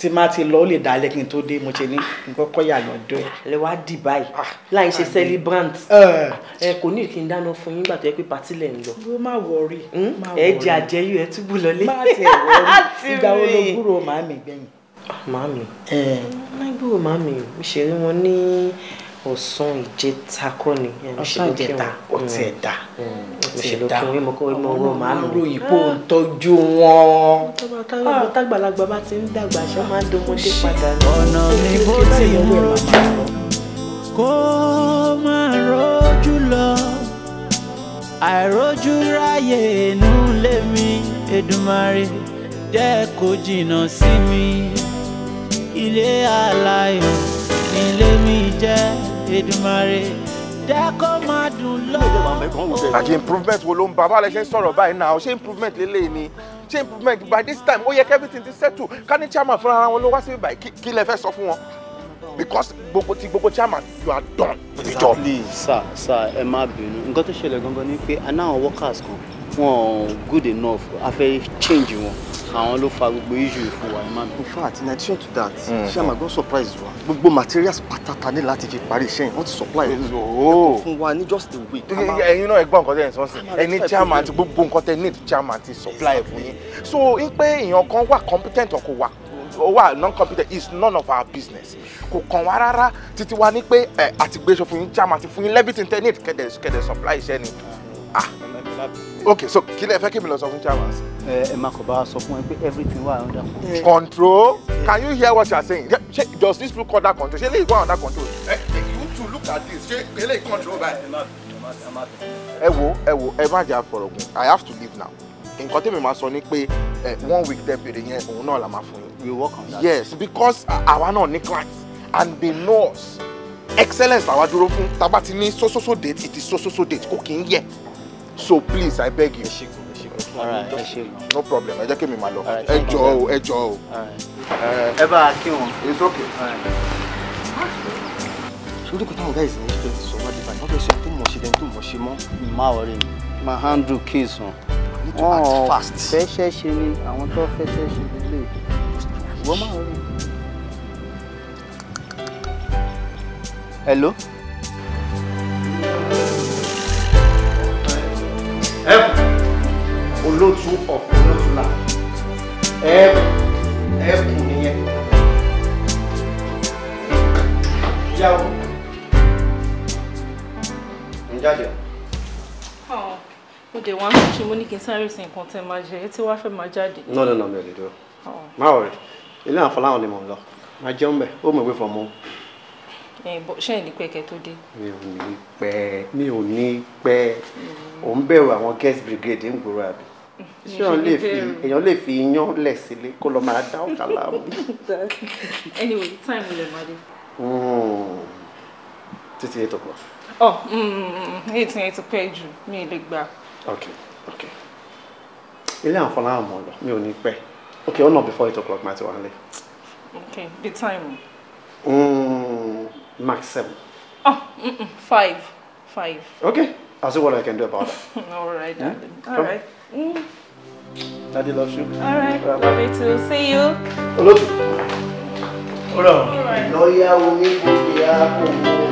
tí má ti lọ ó lè dalẹ̀ kí n tó dé mo ṣe ní nǹkan kọ́yà lọ́dọ̀ ẹ̀. ẹ wá dì báyìí ah, láì ṣe celebrant ẹ eh. eh, kò ní kí n dáná fún yín gbà tó yẹ pé pàtí lẹ̀ ń lọ. ó má wọrí. Hmm? ẹ jẹ àjẹyó ẹ túbú lọlé. má ti ẹ wọrí ìgbà wo ló gbúròó màámi gbẹ̀yìn. Ah, màámi ẹ eh. má gbúròó màámi mi ṣe rí wọn ní ọ̀sán ìjẹta kọ́ ni ọ̀sán ìjẹta ọtí ẹ̀dá ọtí ẹ̀dá ọmọ náà ń ròyìn pé ó ń tọ́jú wọn. ọmọ tágbàlagbà bá ti ń dàgbà ṣe máa ń dọmọdé padà ní ọ̀nà ìbò tí mo rọjú kó máa rọjú lọ àìrójú ráyè inú lé mi Èdùmàrè jẹ́ kó jìnnà sí mi ilé aláyọ̀ ilé mi jẹ́. Èdùmàrè dákọ́ máa dùn lọ́wọ́. àti improvement wo ló ń bá báwo ṣe ń sọ̀rọ̀ báyìí náà ṣé improvement lélẹ́yìn ni ṣé improvement by this time ó yẹ kí everything ti settle ká ní chairman fúnra ara wọn ló wá síbí báyìí kí lẹ fẹ́ sọ fún wọn because gbogbo ti gbogbo chairman you are done with the job. sir sir ẹ má bínú nǹkan tó ṣẹlẹ̀ gangan ni pé anáwọn workers kan wọn good enough a fẹ́ change wọn àwọn ló fa gbogbo issue fún wa imam. in fact in addition to that hmm. ṣé àmàgbọ́n surprise wa gbogbo materials pátápátá ní láti fi parí iṣẹ́ yẹn wọ́n ti supply oh. fún wa ní just a week. ẹ̀yin náà ẹgbọ́n nǹkan tẹ̀ ẹ̀ sọ́n sí ẹni chairman àti gbogbo nǹkan tẹ̀ need chairman àti supply fún yín so n pé èèyàn kan wà competent or kò wà wà non-competent is none of our business kò kàn wá rárá títí wá ní pé àtìgbésọ fún yín chairman àti fún yín everything tẹ̀ need kẹ̀dẹ̀ supply iṣẹ́ ni. Okay, so kí lẹ fẹ́ kí mi lọ sọ fún chairman. ẹ ẹ má kọ bá a sọ fún ẹ pé everything wà under control. control can you hear what you are saying ṣe does this look under control ṣe eléyìí wà under control. ẹ you too look at this ṣe eléyìí control by? ẹ wo ẹ wo ẹ má jà fọ̀rọ̀gùn i have to leave now nǹkan tẹ́mi máa sọ ni pé one week tẹ́ bèrè yẹn òun náà la máa fún yín. we work on that. yes because àwa náà ní class and they know excellence làwa dúró fún tá ní so so so date it is so so so date kò kì í yẹ so please i beg you. no problem I just came in my lọ ẹ jọ o ẹ jọ o. Uh, ẹ bá it's okay. sórí kò táwọn guys ní fẹ́ sọ wá dípa ìwọ́n fẹ́ sọ tó mọ̀ ṣe dẹ́n tó mọ̀ ṣe mọ́. My wọrí mi máa handle case wọn. wọn ò fẹ́ ṣẹ́ ṣe ni àwọn tó fẹ́ ṣẹ́ ṣe nílé ìwọ́n má wọrí mi. hello. olóòtú ọ̀fẹ́ olóòtú là ẹ̀ẹ́kùn nìyẹn. Yàwó. Ǹjáde. Mo dẹ̀ wá ń ṣe mo ní kí n sáré sí nǹkan tẹ́ máa jẹ, ẹ tí wàá fẹ́ máa jáde. No, no, no, mi ò lè dúró. Má wọ̀rẹ̀, ilé àfọláhàn ni mò ń lọ. Má jẹun bẹ̀, ó mọ̀ ìwé fọmọ. Ṣé ìní pẹ́ kẹ́ tó dé? Mi ò ní pẹ́, mi ò ní pẹ́. Ò bẹ̀rù àwọn guest brigade ń gbòòrò àbí èèyàn lè fi iyán lẹ̀ sílé kó lọ máa dá ọ̀kà láàmú. anyway time will matter. Hmm. títí eight o'clock. oh hmm, eight yẹn ti pẹ́ jù mi ì lè gbà. ok ok ilé àǹfọ̀nà àmọ̀ lọ mi ò ní pẹ́ ok ọ̀nà before eight o'clock máa ti wà nílẹ̀. ok the time. Mm, max seven. oh hmm, five five. ok I'll see what I can do about that. all right, yeah? all right. Mm. Daddy loves you. All right. All right. Love you too. See you. Hello. Hold on. All right. Lọ́yà omi kò fi àpò mọ́.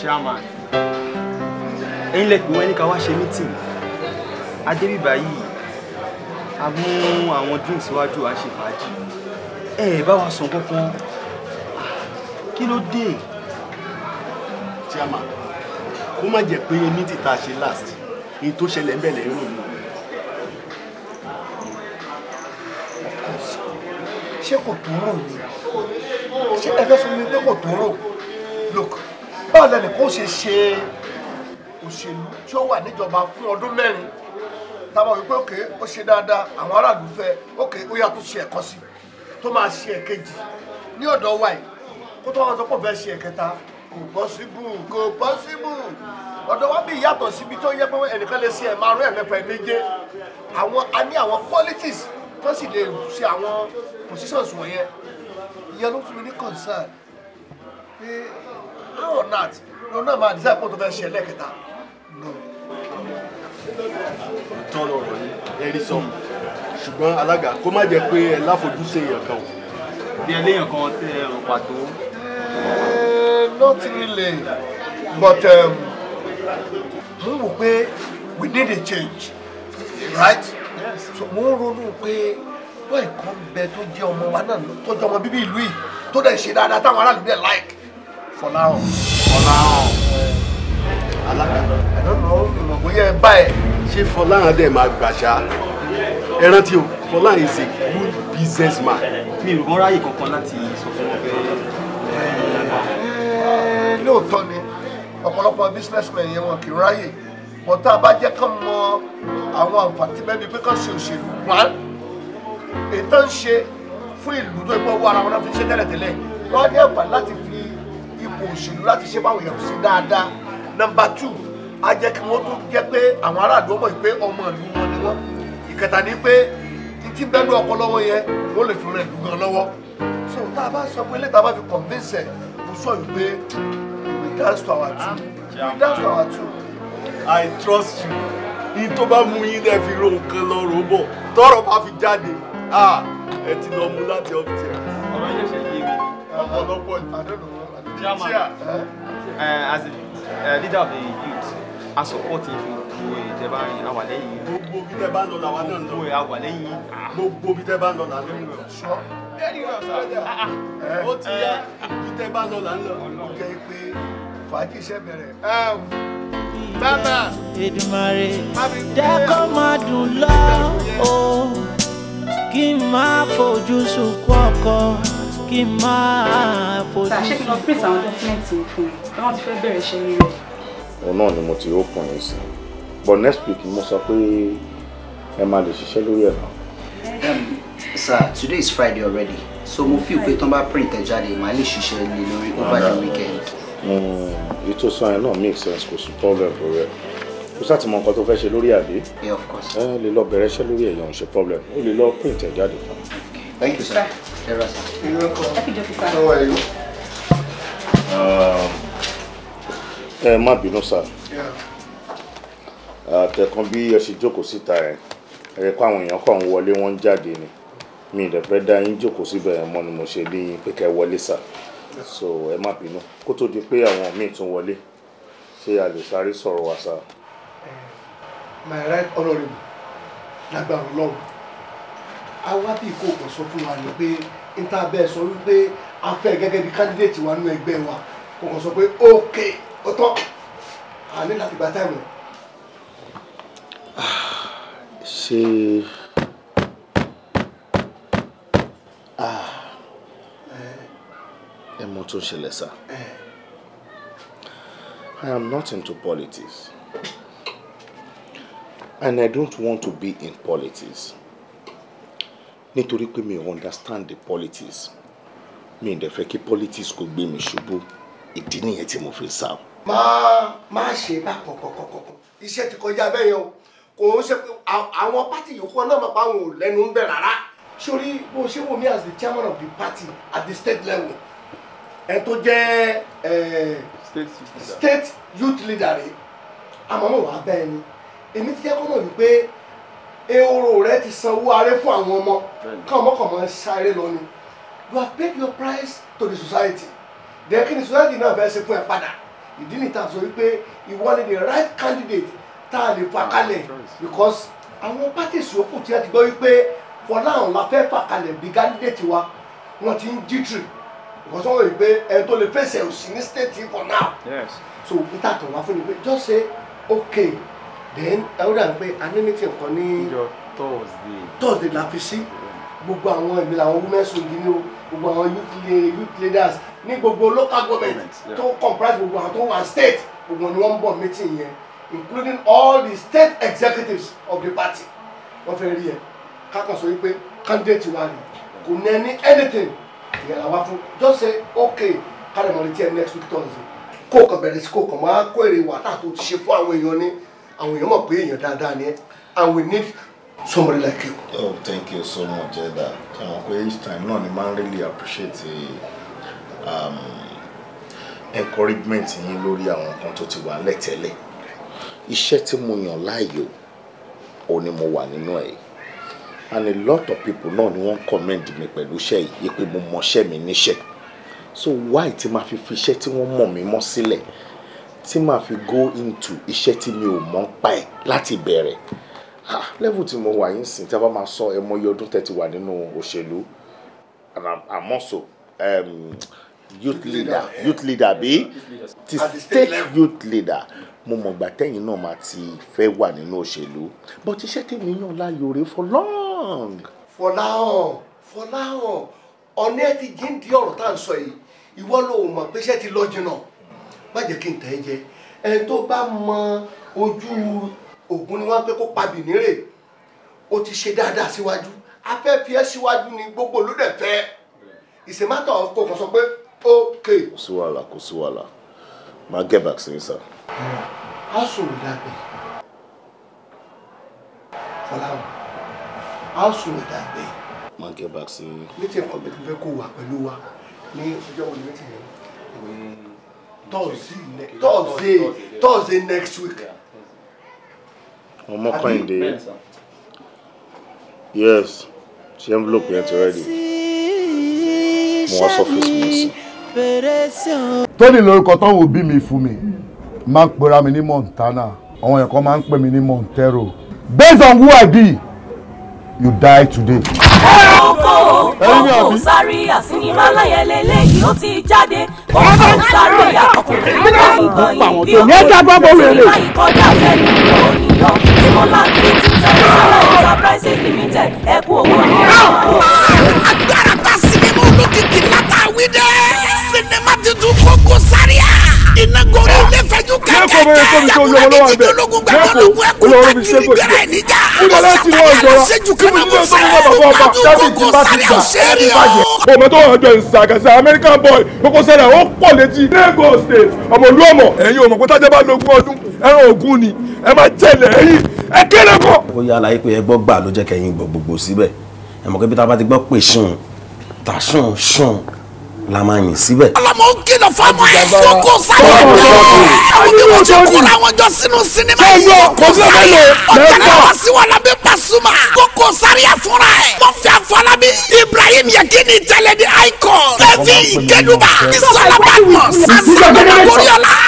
Chairman, ẹ̀yin lẹ pè wọ́n ní ká wá ṣe mítìmù. Adébíbá a mú àwọn drinks síwájú a ṣe fàájì ẹ ẹ bá wa sàn kankan kí ló dé. chairman kó má jẹ́ pé ní tìta ṣe last ní tó ṣẹlẹ̀ ń bẹ̀lẹ̀ ń rò mí. ṣé kò tó rò ni ṣé ẹ fẹ́ fún mi pé kò tó rò look báwo lẹ́nu kó ṣe ṣe òṣèlú tí ó wà níjọba fún ọdún mẹ́rin táwọn wípé òkè ó ṣe dáadáa àwọn aráàlú fẹ́ òkè ó yà tó ṣe ẹ̀kọ́ sí tó máa ṣe ẹ̀kejì ní ọ̀dọ̀ wa yìí kó tó wọn sọ pé òun fẹ́ ṣe ẹ̀kẹta kò pọ́síbù kò pọ́síbù ọ̀dọ̀ wa bí ìyàtọ̀ síbi tó yẹ pé ẹnìkan lè ṣe ẹ̀ márùn ẹ̀ mẹ́fà ẹ̀ méje àwọn a ní àwọn qualities tó sì lè ṣe àwọn positions wọ̀nyẹn ìyẹn ló fún mi ní concern pé how or not lòun náà máa decide pé tó fẹ́ ṣe ẹlẹ́kẹta tán lọ́rọ̀ yìí ẹ̀rí sọ ṣùgbọ́n alága kó má jẹ́ pé ẹ láfojúsí èèyàn kan o. bí ẹ kan tẹ ọ̀rọ̀ pàtó. Eh, not really but um, mo um, wò pé we need a change right so mo ń ronú pé bọ́ọ̀ ìkan bẹ tó jẹ́ ọmọ wa náà tó jẹ́ ọmọ bíbí ìlú yìí tó dẹ̀ ṣe dáadáa táwọn aráàlú dẹ̀ like Fọláhàn. Fọláhàn. alága. I don't know mọ̀ bóyá ẹ bá ẹ ṣe Fọláhàn dẹ̀ máa gbàṣà ẹ rántí o Fọláhàn is a good business man. mi ò rán ráyè kankan láti sọ fún wọn bẹ́ẹ̀. Eh, lóòótọ́ ni ọ̀pọ̀lọpọ̀ businessmen yẹn wọn kì í ráyè wọ́n tá a bá jẹ́ kán mọ àwọn àǹfààní bẹ́ẹ̀ ni pé kán ṣe òṣèlú wá ètò ń ṣe fún ìlú tó gbọ́ wọ ara wọn fi ṣe tẹ́lẹ̀tẹ́lẹ̀ lọ́ọ́ ní àǹfààní láti fi ipò òṣèlú láti ṣe báwọn èèyàn sí dáadáa nọ́mbà two a jẹ́ kí wọ́n tún jẹ́ pé àwọn aráàlú ọmọ yìí ọmọ ìlú wọn ni wọ́n ìkẹta ni pé títí bẹ́ẹ̀lú ọkọ lọ́wọ́ yẹn ló lè fi rìn ìlú gan lọ́wọ́ so tá a bá sọ pé lẹ́tà bá fi convince ẹ̀ mo sọ yìí pé we dance to our tune we dance to our tune. I trust you ní tó bá mú yín dẹ́ fi ro nǹkan lọ rò bọ̀ tọ́rọ̀ bá fi jáde ẹ ti lọ mú láti ọ́fíìsì ẹ̀. ọ̀rọ̀ yẹn ṣe yé mi ọ̀pọ̀lọpọ̀ ni. chairman eh, as a eh, leader of the youth a support yín fún gbogbo ìjẹba yín a wà lẹ́yìn yín. gbogbo bí tẹ́ bá ń lọ làwa náà ń lọ. gbogbo a wà lẹ́yìn gbogbo bí tẹ́ bá ń lọ làwa náà ń lọ. sọ very well sir. Ah, ah. ó ti yá bí tẹ́ bá ń lọ làwa ń lọ. ó jẹ́ pé fàájì iṣẹ́ bẹ̀rẹ̀. Um, bàbá Èdùmàrè dẹ́kọ̀ máa dùn lọ o kí n máa fojú sunkún ọkọ kí n máa fojú sunkún. ṣàṣẹ́ kí n lọ pèsè àwọn fún mi bí ti fẹ́ bẹ̀rẹ̀ ṣe rí rẹ̀ òun náà ni mo ti open yìí sí but next week mo sọ pé ẹ máa lè ṣiṣẹ́ lórí ẹ̀ náà. Um, sir today is Friday already so mo feel pé tán bá print ẹ jáde màá lè ṣiṣẹ́ lé lórí over the weekend. èyí tó sọ yẹn náà make sense kò sí problem lórí ẹ̀ kò sáà ti mọ nǹkan tó fẹ́ ṣe lórí àbí. yeah of course. ẹ lè lọ bẹ̀rẹ̀ iṣẹ́ lórí ẹ̀yàn ṣe problem ó lè lọ print ẹ jáde thank you sir. ẹ rà sá. ẹ fi jọ fi sá. ẹ má bínú sá àtẹ̀kùn bí ẹ ṣe jókòó síta ẹ ẹ kó àwọn èèyàn kàn ń wọlé wọn jáde ni mi ì dẹ̀fẹ́ dá yín jókòó síbẹ̀ ẹ̀ mọ́ ni mo ṣe ní pé kẹ́ wọlé sá so ẹ má bínú kó tó di pé àwọn míì tún wọlé ṣé a lè sáré sọ̀rọ̀ wa sá. Eh, my right honourable lágbára ọlọ́run àwa bí ìkókò sọ fún wa ni pé níta bẹ́ẹ̀ sọ wípé a fẹ́ gẹ́gẹ́ bí candidate wa nínú ẹgbẹ́ wa kò sọ pé okay. ó àní láti gba táìmù. ṣé ah. ẹ mọ̀ tó ṣẹlẹ̀ sá eh. I am not into politics and I don't want to be in politics nítorí pé mi understand the politics mi ì dẹ̀ fẹ́ kí politics kò gbé mi ṣubú ìdí nìyẹn tí mo fi sá o má má ṣe bá kọ̀kọ̀kọ̀kọ̀ iṣẹ́ ti kọjá bẹ́ẹ̀ o kò ń ṣe pé àwọn pátì yòókù náà máa pa àwọn ò lẹ́nu ń bẹ̀ rárá sórí bó ṣe wò mí as the chairman of the party at the state level ẹ tó jẹ́ state youth leader rẹ̀ àmọ́ mọ̀ wá bẹ́ẹ̀ ni èmi ti jẹ́ kọ́ mọ̀ wípé ehoro rẹ ti sanwó aré fún àwọn ọmọ kọ́mọkọ́mọ sáré lọ ni you have paid your price to the society then kí ni society náà fẹ́ ṣe fún ẹ padà ìdí nìta sọ wípé ìwọ ni the right candidate tá a lè fà kalẹ̀ because àwọn pátì ìṣòkù tí a ti gbọ́ wípé fọlá àwọn la fẹ́ fà kalẹ̀ bí candidate wa wọ́n ti ń jítìrì because wọ́n wọ̀ wípé ẹni tó lè fẹsẹ̀ òsì ní state for now yes. so peter tó wá fún mi pé just say okay then ẹ̀rọ àgbẹ̀ anonymity nǹkan ní thursday thursday la fi sí gbogbo àwọn ìgbìlẹ̀ àwọn women's wing ni o gbogbo àwọn youth leaders ní gbogbo local government tó comprise gbogbo àwọn tó wà state gbogbo ni wọ́n ń bọ̀ meeting yẹn including all the state executives of the party wọ́n fẹ́ rí ẹ kákan sọ wípé candidate wa ni kò ní ẹni anything ìyẹn làwa fún just say okay kárẹ̀ mọ́lẹ̀ tí ẹ next week thursday kó kàn bẹ̀rẹ̀ sí kó kàn máa kó èrè wàhálà tó ti ṣe fún àwọn èèyàn ní àwọn èèyàn mọ̀ pé èèyàn dáadáa ni ẹ and we need somebody like you. oh thank you so much ẹ̀dá ṣe àwọn pé each time náà ni máa ń really appreciate. Uh, Um, encouragement yín lórí àwọn nǹkan tó ti wà ńlẹ̀ tẹ́lẹ̀ iṣẹ́ tí mo yàn láàyò ò ní mo wà nínú ẹ̀ and a lot of people náà ni wọ́n commend mi pẹ̀lú iṣẹ́ yìí pé mo mọṣẹ́ mi níṣẹ́ so why tí máa fi fi iṣẹ́ tí wọ́n mọ̀ mí mọ́ sílẹ̀ tí máa fi go into iṣẹ́ tí mi ò mọ̀ ń pa ẹ̀ láti bẹ̀rẹ̀ ah level tí mo wà yín sìn tí a bá máa sọ ẹ mọ iye ọdún tẹ́ ti wà nínú òṣèlú and I'm, um, youth leader youth leader bí ti state youth leader mo mọ̀ gbà tẹ́yìn náà máa ti fẹ́ wà nínú òṣèlú but iṣẹ́ tèmi yàn láàyò rè for long. Fọláhàn Fọláhàn ọ̀nà ẹ ti jí ń di ọ̀rọ̀ tá à ń sọ yìí ìwọ ló mọ̀ pé iṣẹ́ ti lọ jìnnà má jẹ́ kí n tẹ̀ ẹ́ jẹ ẹni tó bá mọ ojú ògùn ni wọ́n pẹ́ kó pa bìnírè ó ti ṣe dáadáa síwájú afẹ́fẹ́ síwájú ni gbogbo olódẹ̀fẹ́ it's a matter of kò kàn sọ pé ok. kò sí wàhálà kò sí wàhálà máa get back sí yín sir. a sọ̀rọ̀ dàgbẹ́ fọláwọ̀ a sọ̀rọ̀ dàgbẹ́. máa get back sí yín. mítìn ẹ̀kọ́ mi ti fẹ́ kó wà pẹ̀lú wa ní ọjọ́ wo ni mítìn Thursday Thursday Thursday next week. ọmọ kan ìdè yes ṣé envelope yẹn ti rẹ́dì mo wá tóní lórúkọ tó wò bí mi fún mi máa ń pera mi ní montana àwọn èèyàn kan máa ń pè mí ní montero based on who i be you die today. Kókó sáré àsìnìmá láyẹlẹ lẹ́yìn ó ti jáde. Kókó sáré àkọkùnrin ìgbọ̀nyìn bí ó ti rí báyìí kọjá sẹ́yìn òyìnbó tí mo lá ti ti tẹ̀lé sọ́lá Enterprise Limited ẹ̀kú owó ní ọ̀hún. Agbára bá sinimá olókìkí látàwí dé bɛ nɛma tuntun koko sariya. ìnagboro ilé fẹjú kankan jagunlabi ti dologun gbàgbọ́lọ́gbọ́ ẹ̀kúta kiri gbẹrẹ ìníjà. ìdọ̀lẹ́ ti wọ́n jọra kí ni yóò tó fún bàbá bàbá jáde tí bá ti gbà ẹni bàjẹ́. òmò tó ọjọ́ ìsàgàsà American boy koko sẹ́dá ó pọ̀ létí Lagos state ọmọ olú ọmọ ẹ̀yin òmò pátá jẹ́ bá lógún ọdún ẹran ògún ni ẹ máa jẹlẹ̀ ẹ̀yìn ẹ kéré kọ. ó yà á láyé pé ẹgbọ́ gbà ló jẹ́ kẹ́yìn gbogbo síbẹ̀ ẹ̀mọ́ kẹ́bí tá a bá ti gbọ́ pè sùn tà sùn sùn la máa yìn síbẹ̀. alamọ ń kìlọ̀ fáwọn ẹ kókó sáré bẹ́ẹ̀ àwọn bí wọn ti kóra wọn jọ sínú sinimá yìí kókó sáré ọjàdá wa síwọ labẹ Pasuma kókó sáré fúnra ẹ mọfẹ Afọlábí Ibrahim Yekini tẹlẹ di icon lẹfi ìkẹdùbà ìsọlá badmus àti àgbẹ̀dàgbòrìọlá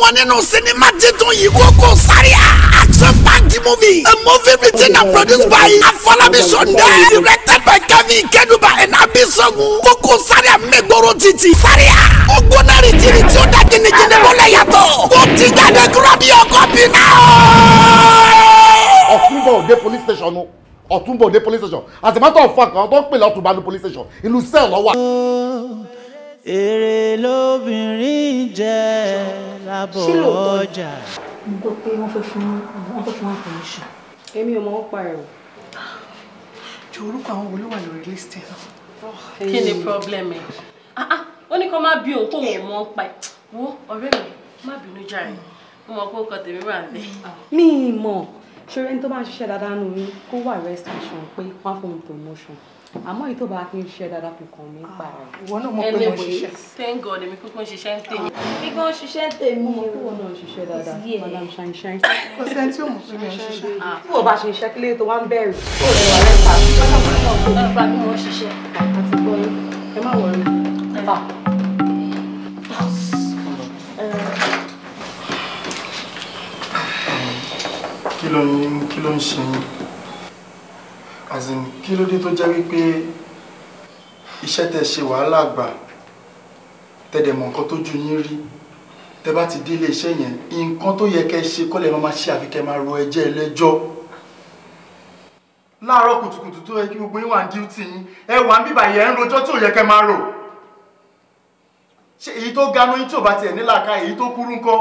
wọn nínú sinimá titun yìí Koko Zaria action packed movie a movie written and produced by Afolabi Sunday directed by Kevin Keduba and Abisogun Koko Zaria mẹgbọrọ títì Zaria ogbonna rìtìrì tí ó dá jìnnìjìnnì bọ́lá yàtọ̀ kó ti jáde kúrò bí ọkọ̀ bí náà. ọ̀túnbọ̀ òde police station o ọ̀túnbọ̀ òde police station as a matter of fact àwọn tó ń pè lọ́tùnbánu police station ìlú sẹ́ẹ̀ lọ́wọ́ èrè lóbìnrin jẹ́ lábọ̀ ọjà. mo gbọ́ pé wọ́n fẹ́ fún wọn fẹ́ fún wọn permission. èmi ò mọ̀ ń pa ẹ̀rù. jọ orúkọ àwọn wo ló wà lórí list ẹ náà. kí ni problem ẹ ah, ah, ó ní kó má bí òun kó wọn mọ̀ ń pa ẹ wo ọ̀rẹ́ mi má bínú jàre hmm. mo mọ̀ pé ó kọ tèmi wà lẹ. Hmm. Ah. mi ì mọ̀ ṣeré ní tó bá ń ṣiṣẹ́ dáadáa nù mí kó wà rest assurance pé wọ́n á fún mi promotion àmọ́ èyí tó bá kí n ṣe dáadáa kò kàn mí pa ẹ̀. ìwọ náà mọ̀ pé mo ṣiṣẹ́. thank god èmi kúkú ń ṣiṣẹ́ ń tèmi. kíkọ́ ah, ń ṣiṣẹ́ ń tèmi. mo mọ̀ pé wọn náà ń ṣiṣẹ́ dáadáa madam shine shine. kò sẹ́ni tí ò mọ̀ pé mi ò ṣiṣẹ́. tí ah. wọ́n bá ṣe iṣẹ́ kílé tó wá ń bẹ̀rù. ó lè wà lẹ́ta. ọ̀pá mi wọ́n ṣiṣẹ́. àti bọ́ ẹ má wọrí. Ah. kí ló ń ṣe azim kí ló dé tó jẹ́ wípé iṣẹ́ tẹ́ ṣe wàhálà àgbà tẹ́dẹ̀ mọ̀ nǹkan tó ju yín rí tẹ́ bá ti dé ilé iṣẹ́ yẹn nǹkan tó yẹ kẹ́ ṣe kọ́lẹ̀ máa ṣe àfi kẹ́ máa ro ẹjẹ́ ẹlẹ́jọ́ láàárọ̀ kùtùkùtù tó yẹ kí gbogbo yín wà ní díútì yín ẹ wà ń bíbà yẹn ń rojọ́ tí ò yẹ kẹ́ máa rò ṣe èyí tó ganú yín tí ò bá tiẹ̀ nílàka èyí tó kúrú ńkọ́.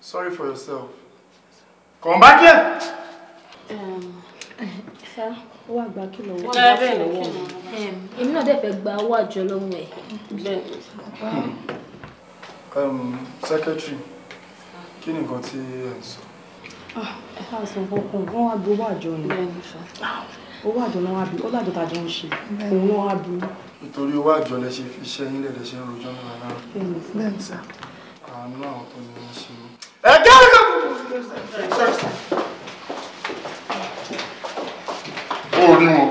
sorry for yourself come back here. Um sá ó wà gbà kìlọ̀ wọ́n gbà kìlọ̀ wọ́n èmi náà dẹ̀ fẹ́ gba owó àjọ lọ́wọ́ ẹ̀. Hmm. Um, secretary kí ni nǹkan tí ẹ ń sọ. Ah, ká sọ fọkàn wọn wá bí owó àjọ ni owó àjọ ni wọn wá bí ó lájọ tàjọ ń ṣe òun wọn wá bí. nítorí owó àjọ lẹ ṣe fi ṣe yín lẹ́dẹ̀ ṣe ń rojọ́ nígbà náà. bẹ́ẹ̀ sá. àánú àwọn tó ní í ṣe. ẹ kẹ́rin náà kúrò nínú o.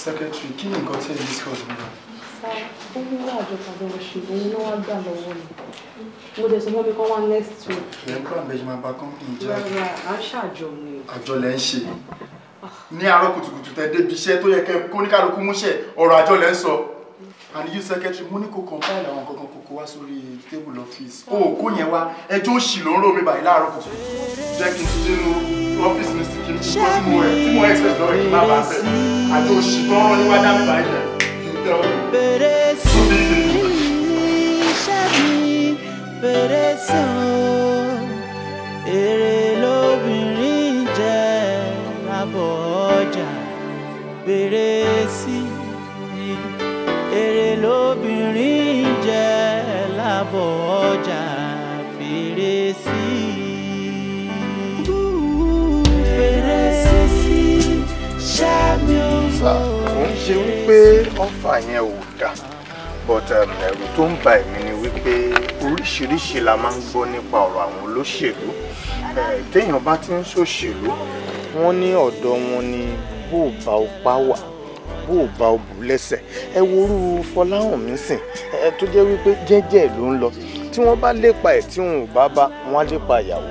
secretary kí ni nǹkan tí ẹ discuss nígbà. ó ní wá àjọ tàbí oṣù òun náà wá gbà lọ́wọ́ mi mo dẹ̀ sọ mọ́ mi kán wá next week. ẹ̀ ń plan máa bá company jẹ́. rárá à ń ṣàjọ ni. àjọ lẹ ń ṣe ní àárọ̀ kùtùkùtù tẹ débi iṣẹ́ tó yẹ kẹ́ kóníkàlùkù múṣẹ́ ọ̀rọ̀ àjọ lẹ ń sọ and you secretary mo ní kó compile àwọn kankan kókó wá sórí table office o oh, kó yẹn wá ẹjọ́ òṣì ló ń rò mí báyìí láàárọ̀ kùtù jẹ́ kí n ti dénú ọ́fíìsì mi sí kí n kó tí mo ẹ̀ tí mo expect lọ́rọ̀ kí n má bàa bẹ̀ àti òṣì tó ń rán níwájú àmì báyìí yẹn kì í tẹ́ ọ bẹ̀rẹ̀ sí iṣẹ́ mi bẹ̀rẹ̀ sí èrè lóbìnrin jẹ́ àbọ̀ ọjà bẹ̀rẹ̀. ọ̀fà yẹn ò dà but um, ẹ̀rù tó ń bà èmi ni wípé oríṣiríṣi la máa ń gbọ́ nípa ọ̀rọ̀ àwọn olóṣèlú téèyàn bá ti ń ṣòṣèlú wọ́n ní ọ̀dọ̀ wọn ni bó bá o wà bó o bá lẹ́sẹ̀ ẹ worú Fọláhànmí sìn ẹ tó jẹ́ wípé jẹ́jẹ́ ló ń lọ tí wọ́n bá lépa ẹ̀ tí wọn ò bá bá wọn á lépa ìyàwó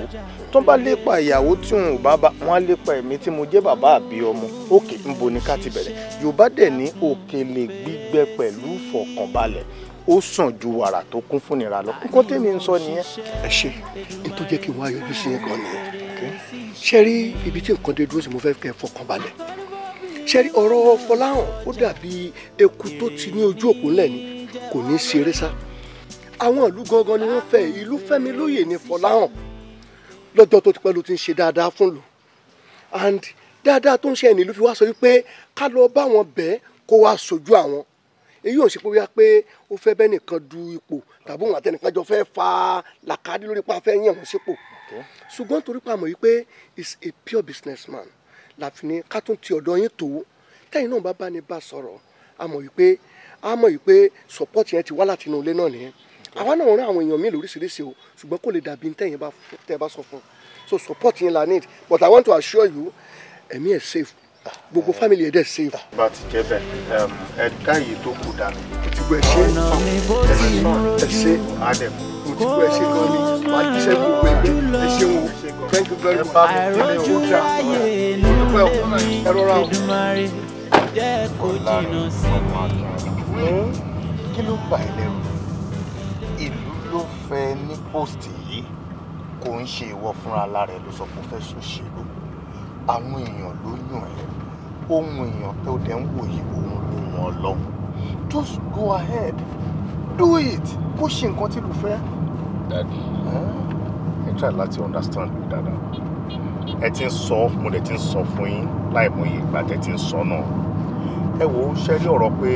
tó bá lépa ìyàwó tí òun ò bá bá wọn lépa ẹ̀mí tí mo jẹ́ bàbá àbí ọmọ òkè ńbo ni ká ti bẹ̀rẹ̀ yorùbá dẹ̀ ní òkèlè gbígbẹ pẹ̀lú fọkànbalẹ̀ ó sàn ju wàrà tó kún fún nira lọ nǹkan tèmi ń sọ nìyẹn. ẹ ṣe n tó jẹ́ kí n wá yọjú sí yẹn nìyẹn ṣe rí ibi tí nǹkan dúró sí mo fẹ́ kẹ́ fọkànbalẹ̀ ṣe rí ọ̀rọ̀ Fọláhàn ó dàbí eku tó ti ní ojú òkú ńlẹ̀ ni kò ní í ṣeré sá àwọn ìlú gangan ni wọ́n fẹ́ ìlú fẹ́mi lóye ní Fọláhàn lọ́jọ́ tó ti pẹ́ ló ti ń ṣe dáadáa fún lò and dáadáa tó ń ṣe ẹ̀nìlú fi wá sọ wípé ká lọ bá wọn bẹ́ẹ̀ kó wá sojú àwọn èyí ò ń ṣe pé wíwá pé ó fẹ́ bẹ́ẹ̀ nìkan du ipò tàbí òun àtẹnìkan jọ fẹ́ fa làkàdé lórí pa fẹ́ yàn wọ́n sípò ṣùgbọ́n torí pa mọ̀ wípé is a pure businessman láfi ní ká tún ti ọ̀dọ̀ yín tó tẹ́yìn náà bá bá ní bá sọ̀rọ̀ a mọ̀ wípé a mọ̀ wípé support yẹn ti wá látinú ilé náà nìyẹn àwa náà rán àwọn èèyàn míì lóríṣiríṣi o ṣùgbọ́n kò lè dàbí tẹ̀yìn tẹ́ bá sọ fún so support yín la need but i want to assure you ẹ̀mí ẹ̀ safe gbogbo family ẹ̀ dẹ̀ safe. bá a ti jẹ́ bẹ́ẹ̀ um, ẹ̀ka yìí tó kù dànù. ìtìgbọ̀ ẹ̀ ṣe ẹ̀ ṣe àdẹ̀m ìtìgbọ̀ ẹ̀ ṣe gan ni wàá jíṣẹ́ gbogbo ẹgbẹ́ ẹ̀ ṣe thank you very much. àìrójú ayé nínú Èdùmàrè jẹ́ kó jìnnà sí mi. kí ló ń bà lẹ́rù? ló fẹ́ ní post yìí kò ń ṣe ìwọ fúnra lára ẹ ló sọ pé ó fẹ́ àwọn èèyàn ló yàn ẹ́ ohun èèyàn tó dẹ̀ ń wòye òun ló wọn ọlọ́run just go ahead do it kó ṣe nǹkan tí ló fẹ́. dadi ẹ try láti understand mi dada ẹ ti ń sọ mo dẹ̀ ti ń sọ fún yín láì mú iye ìgbà ti ń sọ náà ẹ wo ṣẹ́rí ọ̀rọ̀ pé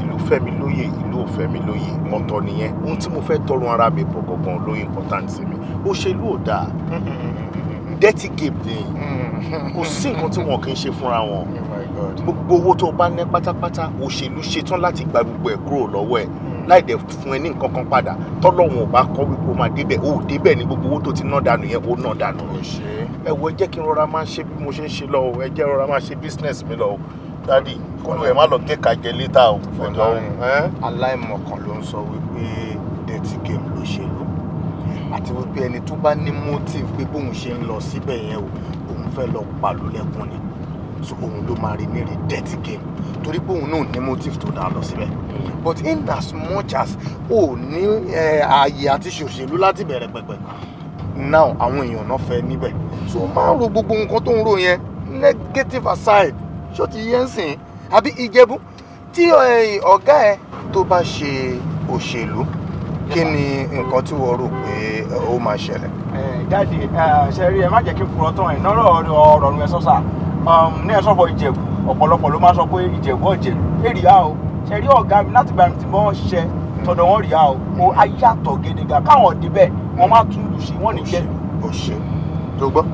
ìlú fẹ́mi lóye ìlú tó fẹ́ mi lóye mọ́tọ́ nìyẹn ohun tí mo fẹ́ tọrọ ara mi bọ̀ gangan ló important sí mi òṣèlú ò dáa dirty game ni kò sí nǹkan tí wọn kì í ṣe fúnra wọn oh gbogbo owó tó bá ná pátápátá òṣèlú ṣetán láti gba gbogbo ẹ̀ kúrò lọ́wọ́ ẹ̀ láì dẹ̀ fún ẹ ní nǹkan kan padà tọ́lọ́wọ̀n ò bá wípé o máa débẹ̀ o ò débẹ̀ gbogbo owó tó ti ná dànù yẹn o ná dànù. ẹ wo ẹ jẹ́ kí n rọra máa ṣe bí mo ṣe ń ṣe lọ o ẹ jẹ́ rọra máa ṣe business mi lọ o dádì kólú ẹ̀ má lọ gé kàjẹ létà o. ọlọrin aláìmọ̀kan ló ń sọ wípé dirty game ló ṣe lò àti wípé ẹni tó bá ní motive pé bóun ṣe ń lọ síbẹ̀ yẹn o òun fẹ́ lọ pàlú lẹ́kùn ni so òun ló máa rí nírí dirty game torí pé náà ní motive tó dáa lọ síbẹ̀ but in as much as o ní ààyè àti ṣòṣèlú láti bẹ̀rẹ̀ pẹ̀pẹ̀ now àwọn èèyàn náà fẹ́ níbẹ̀ so máa ń ro gbogbo nǹkan tó ń ro yẹn negative aside ṣó ti yẹ ń sìn àbí ìjẹ̀bú tí ọ̀gá ẹ tó bá ṣe òṣèlú kí ni nǹkan tí wọ́n rò pé ó máa ṣẹlẹ̀. dáàdi ṣe rí ẹ má jẹ́ kí n purọ́ tán ẹ̀ náírà ọ̀rọ̀ ọ̀run ẹ sọ́sà um, ní ẹ sọ̀rọ̀ ìjẹ̀bú ọ̀pọ̀lọpọ̀ ló máa sọ pé ìjẹ̀bú ọ̀jẹ̀ èrì á o ṣe rí ọ̀gá mi láti gbà mí tí mo ṣe tọ̀dọ̀ wọn rí á o mo ayé àtọ̀ gédéga káwọn ọ̀dẹ́bẹ̀ wọn má tún lù sí wọn nìjẹ́. òṣè tó gbọ́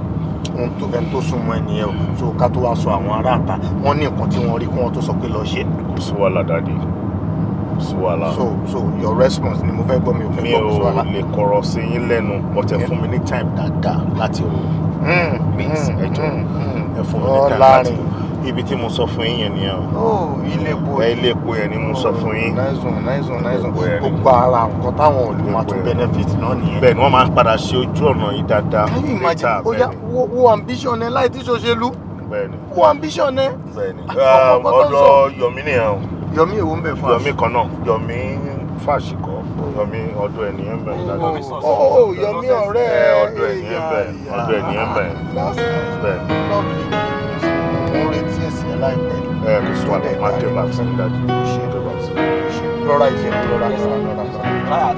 ẹni tó súnmọ́ ẹnìyẹn o so ká tó wá sọ àwọn aráàta wọ́n ní nǹkan tí wọ́n rí kí wọ́n tó sọ pé lọ ṣe. kò sí wàhálà dáadé kò sí wàhálà. so so your response ni mo fẹ́ gbọ́ mi ò fẹ́ gbọ́ kò sí wàhálà. mi ò lè kọ̀rọ̀ sí yín lẹ́nu but ẹ fún mi ní time dáadáa láti rò. Hmm, hmm, please ẹ jọ hmm, ẹ fún mi ní time láti rò ibi tí mo sọ fún yín yẹn nìyẹn o. Oh, ilé epo yẹn ilé epo yẹn ni mo sọ fún yín. Oh, nice one nice one nice ara nǹkan táwọn olùmọ̀tò benefit náà nìyẹn. bẹ́ẹ̀ ni wọ́n máa ń padà ṣe ojú ọ̀nà yìí dáadáa. can you imagine ó yá wo ambition ẹ láì tí ṣoṣelu wo ambition ẹ. bẹ́ẹ̀ni ọ̀dọ̀ Yomi nìyẹn o. Yomi èwo ń bẹ fún aṣọ. Yomi kan náà Yomi fàṣìkọ Yomi ọdọ ènìyàn bẹ. ó oh, Yomi ọ̀rẹ́ ẹ ọdọ ènìyàn bẹ ọdọ ènìyàn bẹ yẹn láìpẹ́. ẹ kò sí wàhálà máa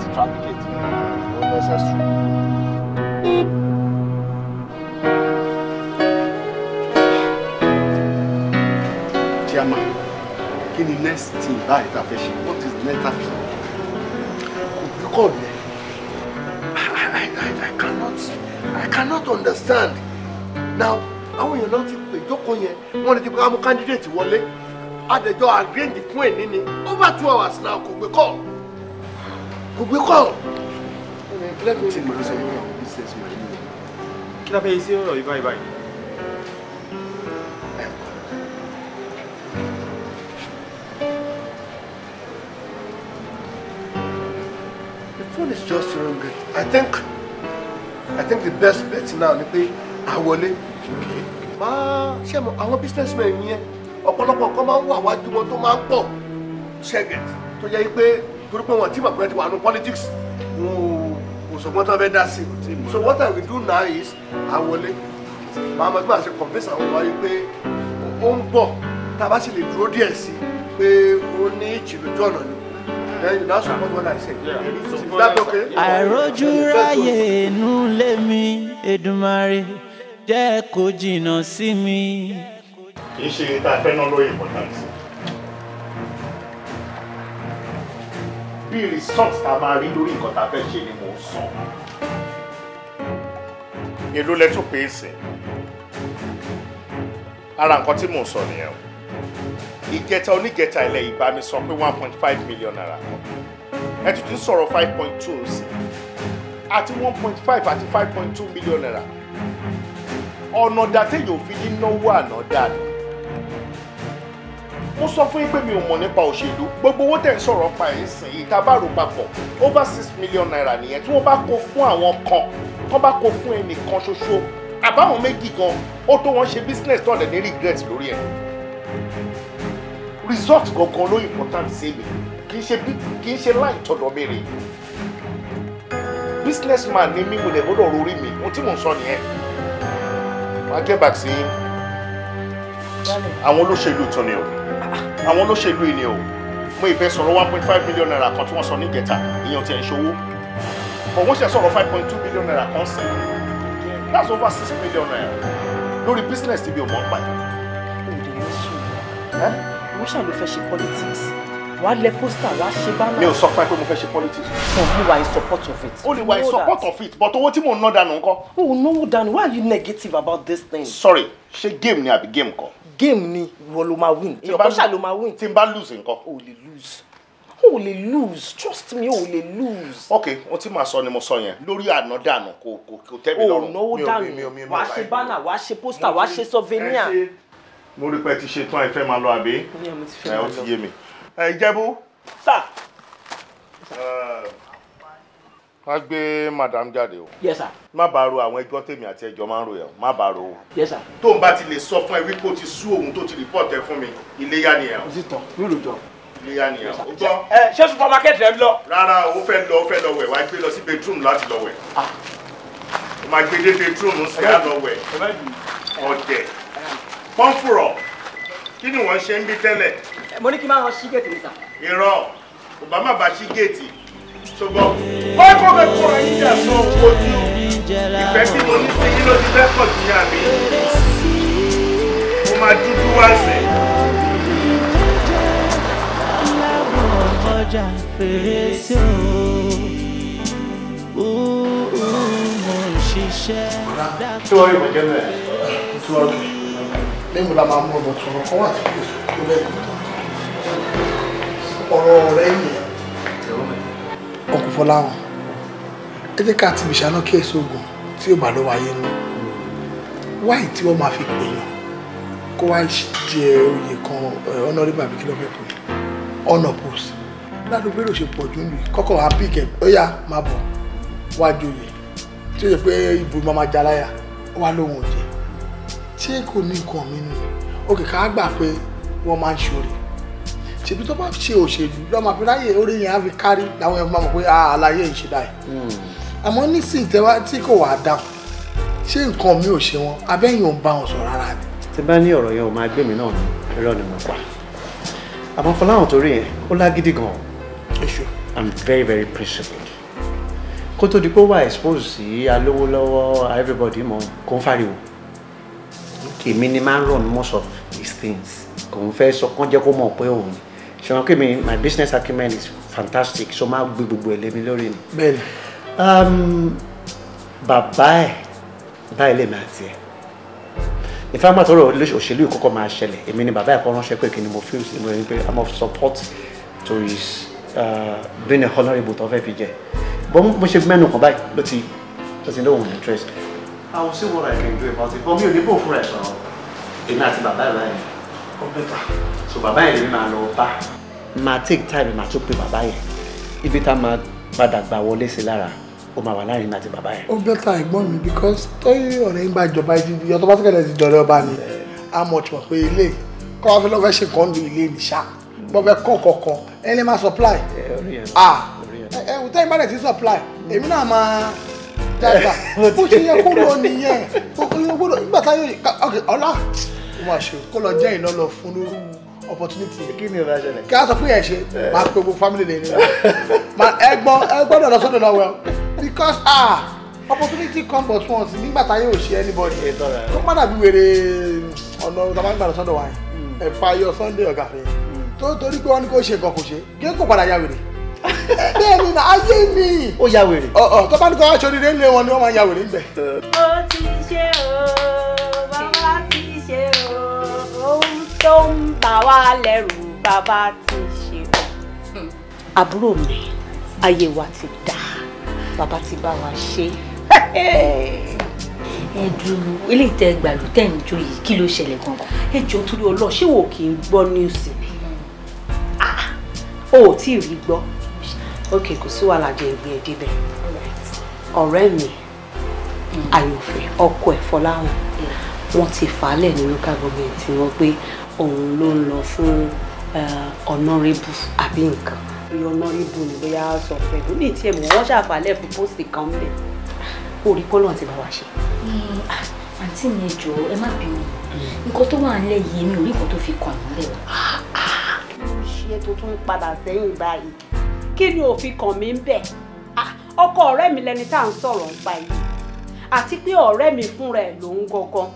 what is the next action? kò I, I, I cannot I cannot understand. Now, how èèyàn náà ti ìjókòó yẹn wọ́n ní ti pé mú candidate wọlé adẹjọ́ agreement fún ẹ̀ níní over two hours now kò gbé call kò gbé call. let me take kí ló fẹ́ yí sí ọ̀rọ̀ yìí báyìí báyìí. phone is just ringing. I think, I think the best bet now ni pé awole. Okay máa ṣe àwọn businessmen yẹn ọ̀pọ̀lọpọ̀ kan máa ń wà wájú wọn tó máa ń pọ̀ ṣẹ̀gẹ̀ tó jẹ́ pé torí pé wọn tí màá pẹ́ ti wà ní politics kò sọ̀gbọ́n tán fẹ́ dá sí so what I will do now is àwọlé màá mọ̀ pé àṣẹ convince àwọn wáyé pé ó ń bọ̀ tá a bá sì lè dúró díẹ̀ sí i pé ó ní ìjìnlójú ọ̀nà ni then that's what what I said yeah. is that okay. àìrójú ráyè inú lé mi Èdùmàrè jẹ́ kó jìnnà sí mi. kì í ṣe tá a fẹ́ lóye important. bí results tá a máa rí lórí nǹkan tá fẹ́ ṣe ni mò ń sọ. èló lẹ tún pè é sìn ara nǹkan tí mò ń sọ nìyẹn o ìgẹta onígẹta ilẹ̀ ìbá mi sọ pé one point five million naira kan ẹ tuntun sọ̀rọ̀ five point two sí àti one point five àti five point two million naira ọ̀nà dàtẹ́yìn òfin ní náwó àná dànù mo sọ fún yín pé mi ò mọ̀ nípa òṣèlú gbogbo owó tẹ̀ ń sọ̀rọ̀ pa ẹ̀ ń sìn yìí tá papọ̀ over six million naira nìyẹn tí wọ́n bá kó fún àwọn kan tó bá kó fún ẹnìkan ṣoṣo àbáwọn méjì gan ó tó wọ́n ṣe business tó lẹ̀ ní regret lórí ẹ̀ result gangan ló important sí mi kì í ṣe kì í ṣe láì tọ̀dọ̀ mi rè business man ni mi mo lè gbọ́dọ̀ rorí mi ohun tí mò ń sọ nìyẹn. I'll get back sí yín. Àwọn olóṣèlú ìtàn ni o. Àwọn olóṣèlú yìí ni o. Mo ìfẹ́ sọ̀rọ̀ one point five million naira kan tí wọ́n sọ ní ìjẹta ìyẹn ti ẹ̀ ṣòwò. But wọ́n ṣe sọ̀rọ̀ five point two million naira kan sí. That's over six million naira. Lórí business ti bí o mọ̀ ń pa. Òde ní sùn. Ẹ́? Mo ṣàlùfẹ́ ṣe politics wàá lẹ poster? wàá ṣe bánà. mi ò sọ fún ẹ pé mo fẹ́ ṣe politics. mo ní wà in support of it. Only lè wà in support of it but owó tí mò ń ná dànù ńkọ́. o ò why are you negative about this thing. sorry ṣé game ni àbí game kọ́. game ni ìwọ ló máa win èèyàn kan ṣáà ló win. tí n bá lose ńkọ́. o lè lose o lè lose trust me o lè lose. Okay, ohun tí màá sọ ni mo sọ yẹn lórí àná dànù kò kò kò tẹ́ mi lọ́rùn. o náwó dànù wàá ṣe bánà wàá ṣe pósítà wàá ṣe sọfẹ́níà. mo rí pé ti ṣe tán ẹ fẹ́ máa lọ àbí ẹ ó ti yé mi ìjẹ̀bú sà. wọ́n gbé madam jáde o. yes sir. má bàa ro àwọn ẹjọ́ tèmi àti ẹjọ́ máa ń ro yẹn má bàa ro o. yes sir. tó ń bá ti lè sọ fún ẹ wípé o ti sú òun tó ti rìpọ́ọ̀tì ẹ fún mi iléyà nìyẹn o. o ti tàn lóru jọ. iléyà nìyẹn o gbọ́. ẹ ṣé supermarket rẹ ń lọ. rárá o fẹ́ lọ o fẹ́ lọ wẹ̀ wá gbé lọ sí bedroom láti lọ wẹ̀. Ah. o máa gbé dé bedroom sí á lọ wẹ̀ ọ̀dẹ̀ pọ́nfùrọ̀ kí ni wọ́n ṣe ń bí tẹ́lẹ̀ mo ní kí n máa rán sí géètì mi sà. irọ́ obama bá sí géètì ṣùgbọ́n wọ́n kọ́ fẹ́ kó ẹyin jà sọ ojú ìfẹ́ tí mo ní sí yín ti fẹ́ pọ̀ sí àmì mo máa dúdú wá sẹ́. ọjà fèrèsé o mo ń ṣiṣẹ́ dákú. tí wọ́n yóò jẹ́ bẹ́ẹ̀ tí wọ́n lè mú la máa mú ọ̀dọ̀ tó ọkọ̀ wà tí kò sókè lẹ́yìn tó ọ̀rọ̀ rẹ yẹn ọkùn fọláhàn ẹ jẹ́ ká ti bìṣáná kí èso oògùn tí ò bá lọ́wọ́ ayé nù wáì tí wọ́n máa fi pèèyàn kó wá jẹ oyè kan eh, honorable àbí kí ló fẹ́ pè honor post ládùúgbò èrò ṣe pọ̀ jù nù kọ́kọ́ wá bí ìkẹ́ ọ̀yà máa bọ̀ wá joyè tí ó yẹ pé ìbò máa máa jaláyà wá lóhùn òde tí kò ní nǹkan mi nù ó kì ká gbà pé wọ́n máa ń ṣòro ṣèbí tó bá ṣe òṣèlú lọ́mọ àfi orí yẹn á fi kárí làwọn ẹ̀fọn máa mọ̀ pé àlàyé yìí ṣe dáì àmọ́ nísìnyí tẹ́wá tí kò wá dá ṣé nǹkan mi ò ṣe wọn abẹ́yìn ò ń bá wọn sọ rárá ni. tí bá ní ọ̀rọ̀ yẹn ò máa gbé mi náà irọ́ ni mo pa àmọ́ Fọláhàn torí yẹn ó lágídí gan-an I'm very very principled kó tó di pé ó wà expose sí alówó lọ́wọ́ everybody mọ̀ kó ń fariwo èmi ni máa ń run most of these things kò ń fẹ́ sọ kán jẹ́ kó mọ̀ pé òun ni ṣe wọn mi my business acumen is fantastic so máa gbé gbogbo ẹ̀ lé mi lórí ni. bẹ́ẹ̀ni. Um, bàbá ẹ̀ báyìí lèmi àti ẹ̀ ìfẹ́ àtọ́rọ̀ òṣèlú ìkọ́kọ́ máa ṣẹlẹ̀ èmi ni bàbá ẹ̀ kọ́ ránṣẹ́ pé kí ni mo feel ṣe mo rí pé i'm of support to his uh, being a honourable tó fẹ́ fi jẹ́ bọ́n mo ṣe mẹ́nu kan báyìí ló ti ló ti lóhùn interest I will see what I can do about it. But mi ò ní bò fúnra ẹ̀ sọ̀rọ̀. Èmi àti bàbá ẹ̀ báyìí. Ó So bàbá ẹ̀ lè máa lọ bá máa take time máa tún pe bàbá yẹn ibi tá a máa padà gbà wọlé sí lára ó máa wà láàrin àti bàbá yẹn. ó bẹ́tà ẹ̀gbọ́n mi because tọ́yìn ọ̀rẹ́ ń gba ìjọba ìyọ́ tó bá tẹ̀lé ti dọ̀rẹ́ ọba ni a mọ̀ tí wọ́n pe ilé kọ́ wá fẹ́ lọ́ fẹ́ ṣe nǹkan lu ilé ní ṣá wọ́n fẹ́ kọ́ kọ̀ọ̀kan ẹni máa supply ah ẹ ẹ tẹ́yìn bá dẹ̀ ti supply èmi náà máa dàgbà bó ṣe yẹ kó lọ nìyẹn kó lọ gbọ́dọ̀ nígbà táyọ̀ ọ̀la ó kó lọ jẹ́ ìnáwó fún lórí opportunity kí ni ìrora ṣẹlẹ̀. kí a sọ fún yẹn ṣe máa pe gbogbo family lè ní ma ẹ gbọ́ ẹ gbọ́dọ̀ náà well because ah opportunity come but once nígbà tá yóò ṣe anybody kó má dàbí wèrè ọ̀nà tá a bá ń gbà lọ sọ́dọ̀ wa yẹn mm. fa ayọ̀ sunday ọ̀gá fẹ́ mm. tó torí pé wọ́n ní kó ṣe nǹkan kò ṣe kí kò padà ya wèrè bẹ́ẹ̀ ni ayé mi. ó ya wèrè. ọ̀ọ́ tó bá ní kó wá ṣoríire ńlẹ̀ wọn ni wọ́n máa ya wèrè ńbẹ̀. ó ti ṣe o. tó ń bà wá lẹ́rù bàbá ti ṣe. Hmm. àbúrò mi ayé wa ti dá bàbá ti bá wa ṣe. ẹ dúró ilé ìtẹ gbàlú tẹ̀ ń jó yìí kí ló ṣẹlẹ̀ gangan. ẹ jọ torí ọlọ́ọ̀ ṣé wò kí n gbọ́ níùsì ni ah, o ò tí ì rí gbọ́ ok kò sí wàhálà jẹ ìgbé ẹ débẹ̀ ọ̀rẹ́ mi àyòfẹ́ hmm. hmm. ọkọ ẹ̀ fọláhùn wọ́n ti fàálẹ̀ ní local government wọ́n pé òun ló ń lọ fún ọ̀nàrẹ́bù àbí nǹkan bóyá ọ̀nàrẹ́bù ni bóyá sọ fẹ́ mi ní tiẹ̀ mọ̀ wọ́n ṣàfàlẹ̀ fún pósìtì kan bẹ̀ orí kọ́lọ̀ ti bá wa ṣe. Hmm, ah, àǹtí mi ẹ jọ̀ọ́ ẹ má bínú hmm. nǹkan tó wà nílẹ̀ yìí mi ò rí nǹkan tó fi kàn mí lẹ̀. ṣé tó tún padà sẹ́yìn báyìí kí ni òfin kàn mí ń bẹ̀ ah, ọkọ ọ̀rẹ́ mi lẹni tá à ń sọ̀rọ̀ ń pa yìí àti pé ọ̀rẹ́ mi fúnra ẹ̀ lòún gangan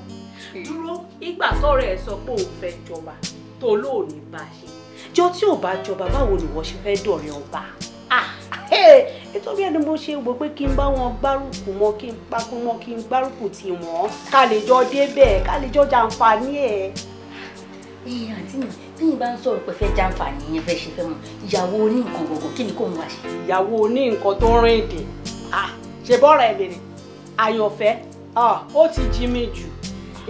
dúró ìgbà tọrọ ẹ sọ pé òun fẹ́ jọba tó lóòní bá ṣe jọ tí ò bá jọba báwo ni wọ́n ṣe fẹ́ dọ̀rẹ́ ọba nítorí ẹni mo ṣe wò pé kí n bá wọn gbárùkù mọ́ kí n pakú mọ́ kí n gbárùkù tì wọ́n ká lè jọ débẹ̀ ká lè jọ jàǹfààní ẹ̀. ẹyìn àǹtí mi tíyìn bá ń sọ̀rọ̀ pé fẹ́ jàǹfààní yẹn fẹ́ ṣe fẹ́ mọ̀ ìyàwó oní nǹkan gbọ̀ngàn kí ni kò ń wá ṣe. ìyàwó oní nǹkan tó rìn dè ṣe bọ́ra ẹ̀ lèrè àyànfẹ́ ó ti jí mi jù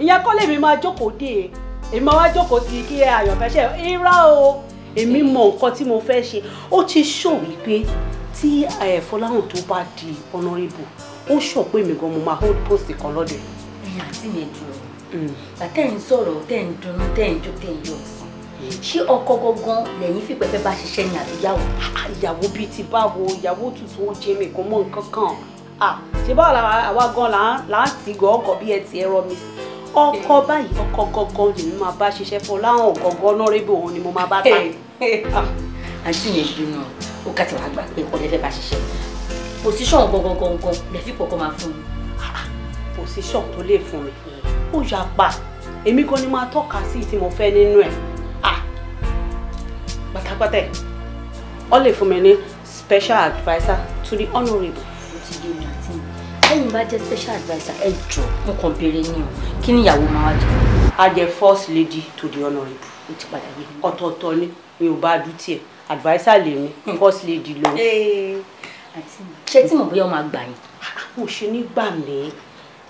ìyẹn kọ́ lèmi máa jókòó dé e èmi máa wá jókòó sí kí àyànfẹ́ ṣe irá o èmi mọ nǹkan tí mo fẹ́ ṣe ó ti ṣó wípé tí eh, Fọláhàn tó bá di honorable ó ṣọ̀ pé èmi gan mo máa hold post kan lọ́dẹ̀. ẹ̀yin àti mi dúró hmm. bàtẹ́ ń sọ̀rọ̀ tẹ́ ń dunnú tẹ́ ń jó tẹ́ ń yọ̀ sí hmm. ṣé ọkọ gangan lẹ́yìn fi pẹ́pẹ́ bá ṣiṣẹ́ ní àbíyàwó. Ah, ìyàwó bíi ti báwo ìyàwó tuntun ó jẹ́ mi kò mọ nǹkan kan ah, ṣe báwo àwa gan là ń tì gọ́ọ̀gọ́ bí ẹ ti ẹ rọ mi ọkọ báyìí ọkọ gọgọ ni mo máa bá ṣiṣẹ́ fún láwọn gọgọ ọlọrẹbù òun ni mo máa bá ta. Ah, àǹtí yẹn dùnà ó kàtà wàá gbà pé ọdẹ fẹ́ bá ṣiṣẹ́ pòsíṣọ̀n gọgọgọgọ lẹ́fí kọ̀ọ̀kan máa fún mi. Ah, pòsíṣọ̀n tó lè fún mi ó yà pa èmi gan ni máa tọ́ka sí tí mo fẹ́ nínú ẹ̀ ah, pátápátá ẹ̀ ọ lè fún mi ní special adviser to the honourable. ó ti dé mi lẹ́yìn bá jẹ́ special adviser ẹ jọ mo kàn béèrè ní o kí ni ìyàwó máa jẹ. a jẹ first lady to the honourable. o ti padà yé mi. ọ̀tọ̀ọ̀tọ̀ ni mi ò bá dùn tiẹ̀ adviser lèmi hmm. first lady lọ. Eh, ṣé tí mo bóyá ọmọ àgbà yín. Ah, mo ṣe ní gbà mí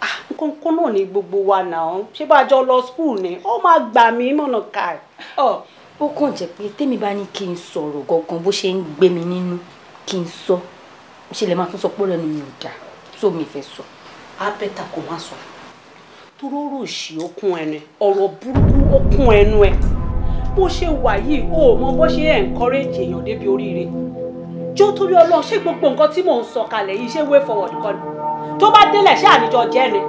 ah, nǹkan náà ni gbogbo wa náà ṣé bá a jọ lọ school ni ó máa gbà mí mọ̀nà ká oh, ó kàn jẹ́ pé tèmi bá ní kí n sọ̀rọ̀ gangan bó ṣe ń gbé mi nínú kí n sọ ṣe lè máa tún sọ pé ó rẹ̀ ni mi ò dáa tó mi fẹ́ sọ á bẹ́tà kó má sọ toró rò sí okun ẹnu ọ̀rọ̀ burúkú okun ẹnu ẹ bó ṣe wà yìí o mọ bó ṣe encourage èèyàn débi oríire jó torí ọlọ́run ṣé gbogbo nǹkan tí mò ń sọ kalẹ̀ yìí ṣé way forward kan ni tó bá délẹ̀ ṣé àníjọ jẹ́ ni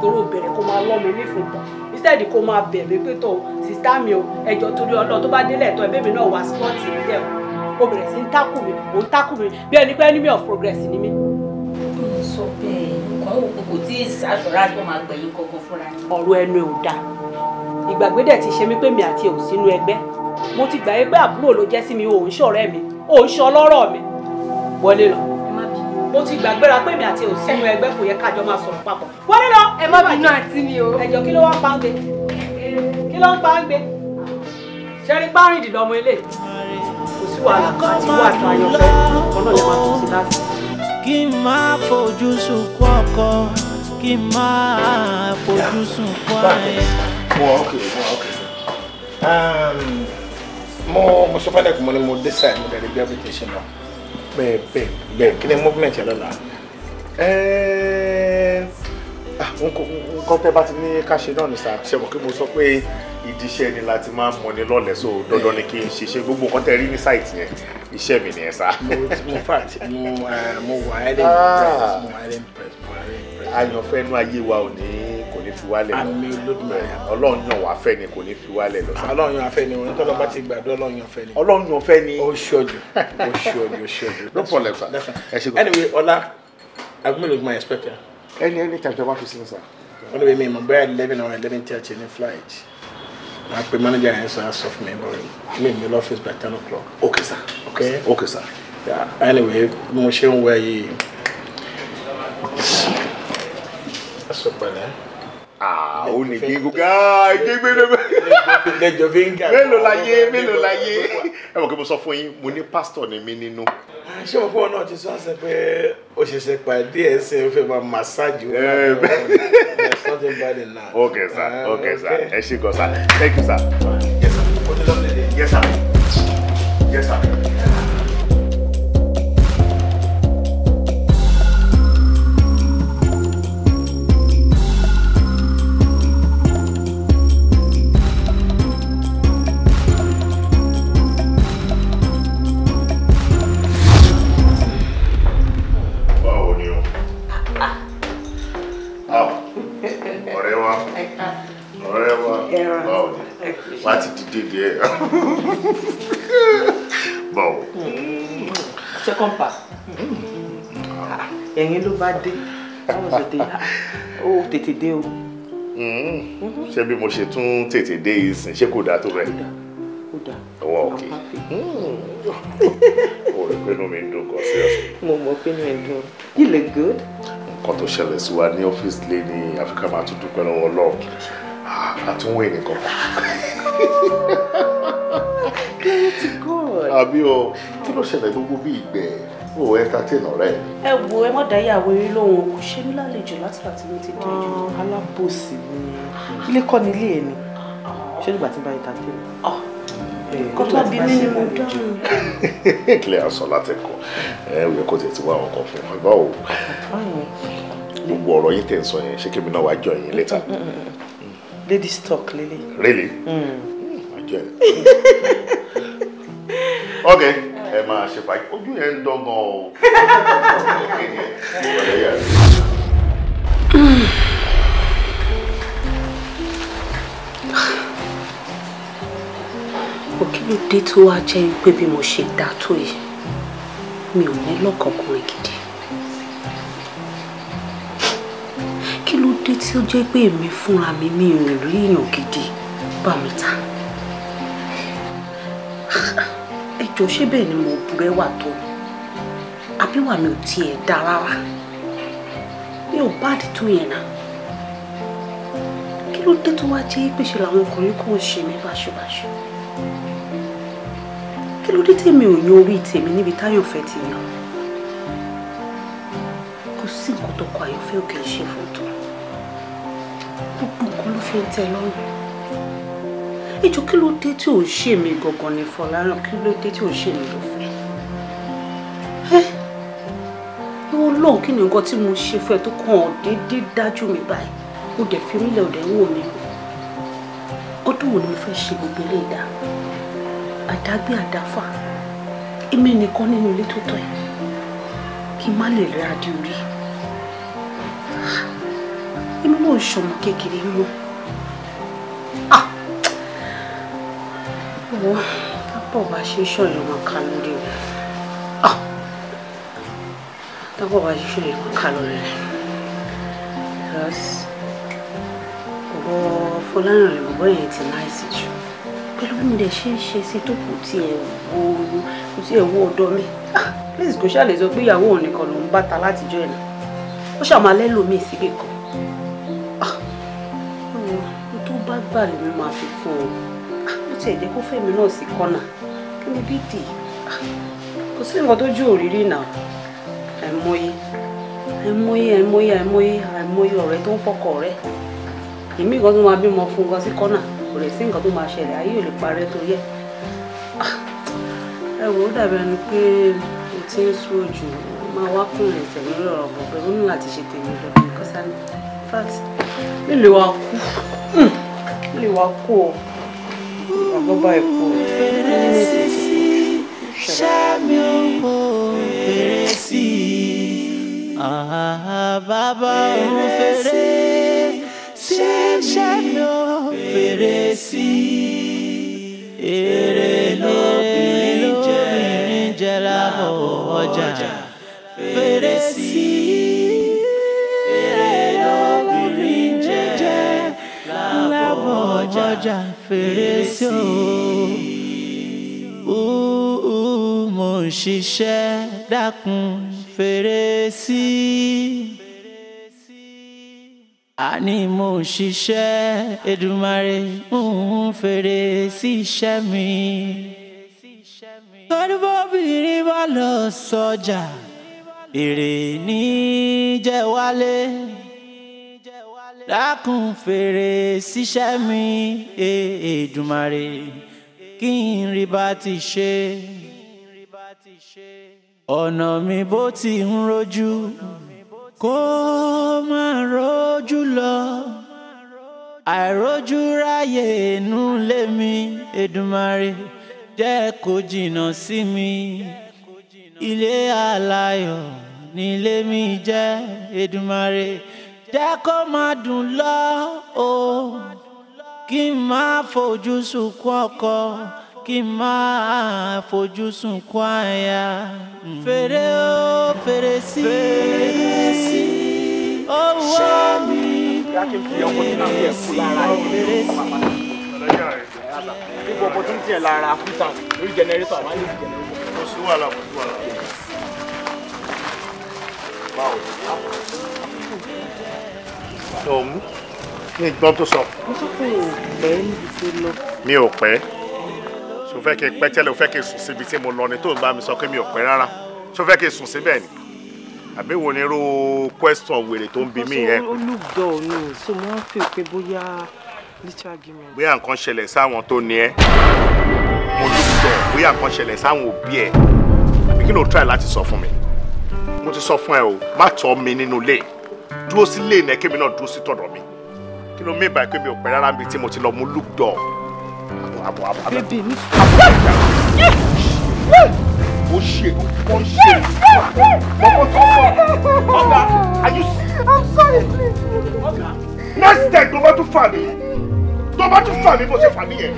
torí obìnrin kò máa lọ́mọ mi fún bọ̀ instead kò máa bẹ̀rẹ̀ pé tó sista mi o ẹjọ́ torí ọlọ́run tó bá délẹ̀ tọ́ ẹ̀bẹ́ mi náà wá slọ́ọ̀tì nílẹ̀ o obìnrin sì ń tákù mi òun tákù mi bí ẹni pé enemy of progress ni mí sọ bẹ́ẹ̀ nǹkan wò kò tí ì tó máa gbẹ̀yìn kankan fúnra yín. ọ̀rọ̀ ẹnu ẹ̀ ò dáa ìgbàgbé dẹ̀ ti ṣe mí pé mi àti ẹ̀ ò sínú ẹgbẹ́ mo ti gbà yé pé àbúrò ló jẹ́ sí mi òun ṣọ̀rẹ́ mi òun ṣọ lọ́rọ̀ mi wọlé lọ mo ti gbàgbéra pé mi àti ẹ̀ ò sínú ẹgbẹ́ kò yẹ kájọ máa sọ̀rọ̀ papọ̀ wọlé lọ ẹ má bínú àti mi o ẹjọ kí ló wá pa ń gbé kí ló ń pa ń gbé ṣẹ́rí párìndínlọ́mọ ilé kò sí wàhálà àti wàhálà ayọ̀fẹ́ ọ̀nà ìyẹn máa tún sí láti kí n máa fojú sunkún ọkọ kí n máa fojú sunkún aya. mo ọkẹ mo ọkẹ um, mo mo sọ fún ẹ kò mo ní mo dé sáà mo dẹrẹ bí application náà bẹ́ẹ̀ bẹ́ẹ̀ bẹ́ẹ̀ kí ni movement yẹn lọ la. Eh, Ah, nǹkan tẹ́ bá ti ní ká ṣe náà ni sà ṣe mọ̀ kí mo sọ pé ìdí iṣẹ́ ni láti máa ń mọni lọ́lẹ̀ so dandan ni kí n ṣe ṣe gbogbo nǹkan tẹ́ rí ní site yẹn iṣẹ́ mi nìyẹn sà. mo fact mo mo wà á lè impress mo wà á lè ah. impress mo wà á lè impress. ayànfẹ́ inú ayé wa ò ní kò ní fi wálẹ̀ lọ àmì olódùmarè eh, ọlọ́run yàn wá fẹ́ ni kò ní fi wálẹ̀ lọ. ọlọ́run yàn fẹ́ ni òun tọ́lọ́ bá ti gbàdúrà ọlọ́run yàn fẹ́ ni. ọlọ́run yàn fẹ́ ni. ó ṣojú ó ṣojú ó ṣojú. no any any time tó bá fi sin sa. wọ́n lè mi my bóyá eleven or eleven thirty ní flight My á manager yẹn sọ á sọ fún mi bọ̀ mi office by ten o'clock. okay sir okay okay sir. Yeah, anyway motion where you. That's yìí. ẹ sọ ó ní gígùn gáà gbégbé lẹ́jọ́ fíńgà mélòó la yé mélòó la yé ẹ mọ̀ kí mo sọ fún yín mo ní pásítọ̀ ni mí nínú. Ah, ṣé mo fún ọ ti sọ àṣẹ pé o ṣẹ̀ṣẹ̀ pàdé ẹsẹ̀ o fẹ́ máa màsáàjì wọn ẹ̀ something bad in that. okay sir okay sir ẹ ṣe gan sir thank you sir. yes sir. yes sir. yes sir. pa hmm. ẹ̀yìn ló bá dé báwo tètè ó tètè dé o. Hmm. Mhm. ṣé bí mo ṣe tún tètè dé yìí sìn ṣé kò dáa tó rẹ. Hmm. ó dáa ó dáa àwọn o rẹ pé inú mi ń dùn gan seriously. mo mọ pé inú ẹ dùn you look good. nǹkan tó ṣẹlẹ̀ sí wa ní ọ́fíìsì lé ní Áfíríkà máa tún dúpẹ́ lọ́wọ́ Ọlọ́run àtúnwé ah, nìkan. glory to God. àbí o kí ló ṣẹlẹ̀ gbogbo bí ìgbẹ́ ò entertain ọ̀rẹ́. ẹ wo ẹ má dáyàwó eré lóhun kò ṣe mí lálejò láti láti ní ti dé jù. Ah, alábòsí ni ilé kọ́ ni ilé ẹ̀ ni ṣé nígbà tí bá entertain. Ah, eh, kó tó bí mi ni mo dáhùn. kílẹ̀ à ń sọ láti kọ ẹ ò yẹ kó tiẹ̀ ti wá ọkọ fún wa báwo gbogbo ọ̀rọ̀ yín tẹ̀ ń sọ yẹn ṣé kébì mm, mm, mm, really? Mm. Hmm, okay ẹ máa ṣe fàájì ojú yẹn ń dọ́gbọ́n o. òkè ló dé tó wá jẹ́ pé bí mo ṣe dá tó yìí mi ò ní lọ́kọ̀ọ́kùnrin gidi. kí ló dé tí ó jẹ́ pé èmi fúnra mi mi ò rí èèyàn gidi bá mi ta jọ ṣé bẹ́ẹ̀ ni mo burẹ́ wà tó àbíwà mi ò tiẹ̀ da rárá mi ò báàdì tó yẹn náà kí ló dé tó wá jẹ́ pé ṣe làwọn ọkùnrin kan ṣe mí báṣubàṣu kí ló dé tèmi ò yan orí tèmi níbi táyọ̀fẹ́ ti yàn kò sí nǹkan tó kọ àyọ̀fẹ́ ò ṣe fún tó gbogbo nǹkan ló fi ń tẹ lọ́rùn ìjọ kí ló dé tí ò ń ṣe mí gangan ní Fọláràn kí ló dé tí ò ń ṣe mí lọ́fẹ̀ẹ́ ẹ́ ìwọ lọ́hùn kí ni nǹkan tí mo ṣe fẹ́ tó kàn déédé dájú mi báyìí ó dẹ̀ fi mílẹ̀ ọ̀dẹ̀ ń wò mí ọdún wo ni mo fẹ́ ṣe gbogbo ilé ìdá àdágbé àdáfà èmi nìkan nínú ilé tó tọ́ yìí kí n má lè rí adé orí ah, èmi náà ń ṣọmọ kékeré yó ah wo tábọ̀ bá ṣe ṣọ̀lẹ̀ ah ká lórí rẹ̀ tábọ̀ bá ṣe ṣọ̀lẹ̀ wọn ká lórí rẹ̀ bọ́ fọlárìn bọ́bọ́ yẹn ti láìsí jù pẹ̀lú bí mo dẹ̀ ṣe ń ṣe sí tó kù tí ẹ̀ wo kù tí ẹ̀ wo ọ̀dọ́ mi please kò ṣàlè sọ ah ìyàwó òun nìkan lòún bá ta látijọ́ ẹ̀ náà ó ṣàmà lẹ́lòmíì síbì kan ó tó bá gbà lè mú máa fi fún ọ tiẹ̀ jẹ́ kó fẹ̀mí náà sí kọ́nà kí ni bí dì ah, kò sí nǹkan tó ju òrírí náà àìmọye àìmọye àìmọye àìmọye àìmọye ọ̀rẹ́ tó ń fọkọ rẹ̀ èmi nǹkan tó máa bímọ fún nǹkan sí kọ́nà kò lè sí nǹkan tó máa ṣẹlẹ̀ ayé ò lè parẹ́ torí ẹ̀ ah, ẹ wò ó dàbí ẹni pé mo ti ń sú ojú máa wá kún ẹsẹ̀ lórí ọ̀rọ̀ bọ̀bẹ̀ ó ní láti ṣe tèmi lọ́dún kọ́sánì in fact nílùú wa kú nílùú hmm, wa kú o àgọ́ bá ipò ṣàmì ò fèrè sí i. bàbá òun fèrè ṣe ṣàmì ò fèrè sí i. èrè lóbìnrin ọjà fèrèsé o mo ń ṣiṣẹ́ dákun fèrèsé àní mo ń ṣiṣẹ́ Èdùmàrè ń fèrèsé iṣẹ́ mi torí bóbìnrin bá lọ sọjà èrè ní jẹ wálé dákun fèrè síṣẹ́ mi e èdùmarè kí n rí bá ti ṣe ọ̀nà mi bó ti ń rojú kó má rojú lọ àìrojú ráyè inú lé mi èdùmarè jẹ́ kó jìnnà sí mi ilé aláyọ̀ nílé mi jẹ́ èdùmarè jẹ́ kó máa dùn lọ o kí n máa fojú sunkún ọkọ kí n máa fojú sunkún aya. fèrè o fèrè sí i owó mi fèrè sí fèrè sí i gbogbo opportunity yẹn lára fúta lórí generator àmọ́ lórí generator. kò sí wàhálà kò sí wàhálà ọ̀hún ní ìgbọ́n tó sọ. mo sọ pé o pẹ́ níbi tó lọ. mi ò pẹ́ ṣò fẹ́ kí n pẹ́ tẹ́lẹ̀ o fẹ́ kí n sùn síbi tí mo lọ ni tó ń bá mi sọ pé mi ò pẹ́ rárá ṣò fẹ́ kí n sùn síbẹ̀ ni àbí wo ni irú question wèrè tó ń bi mí yẹn. olùdó ni so mo ń fi pé bóyá literal argument. bóyá nǹkan ṣẹlẹ̀ sáwọn tó ní ẹ́ mo lùdó bóyá nǹkan ṣẹlẹ̀ sáwọn òbí ẹ̀ kí ló try láti sọ fún mi mo ti sọ fún ẹ o má tọ́ mi nínú ilé dúró sí lẹ́yìn ẹ̀ kémi náà dúró sí tọ̀dọ̀ mi kí ló mẹ́bàá pé mi ò pẹ́ rárá mi tí mo ti lọ mú look dọ̀ àbọ̀ àbọ̀ àbọ̀ bèbè mi. ó ṣe ó ń ṣe ọmọ tó sọ ọgá are you serious. i'm sorry please. ọgá next time tó bá tún fà mí tó bá tún fà mí bó ṣe fà mí yẹn.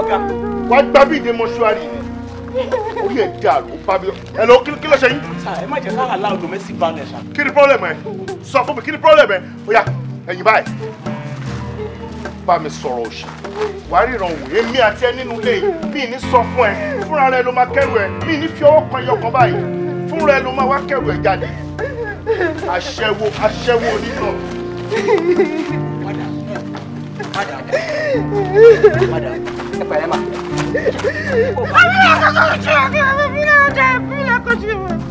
ọgá wàá gbábí ìdè mọ́ṣúárì yìí orí ẹ̀ dàrú bá mi ẹ lọ kí ló ṣe yín. ẹ má jẹ́ káàlà domestic violence. kí ni pọ́blẹ̀mù ẹ sọ fún mi kí ni pọ́blẹ̀mù ẹ ó yá báyìí bá mi sọ̀rọ̀ òṣì wàá ríran òwe èmi àti ẹ nínú ilé yìí mi ní sọ fún ẹ fúnra rẹ ló máa kẹrù ẹ mi ní fi ọwọ́ kan ẹyọkan báyìí fúnra ẹ ló máa wá kẹrù ẹ jáde aṣẹ́wó aṣẹ́wó onídùn. padà padà padà ẹ pẹ̀lẹ́ máa. Familia, to są uczniowie! Familia, oczaj! Familia, chodzimy!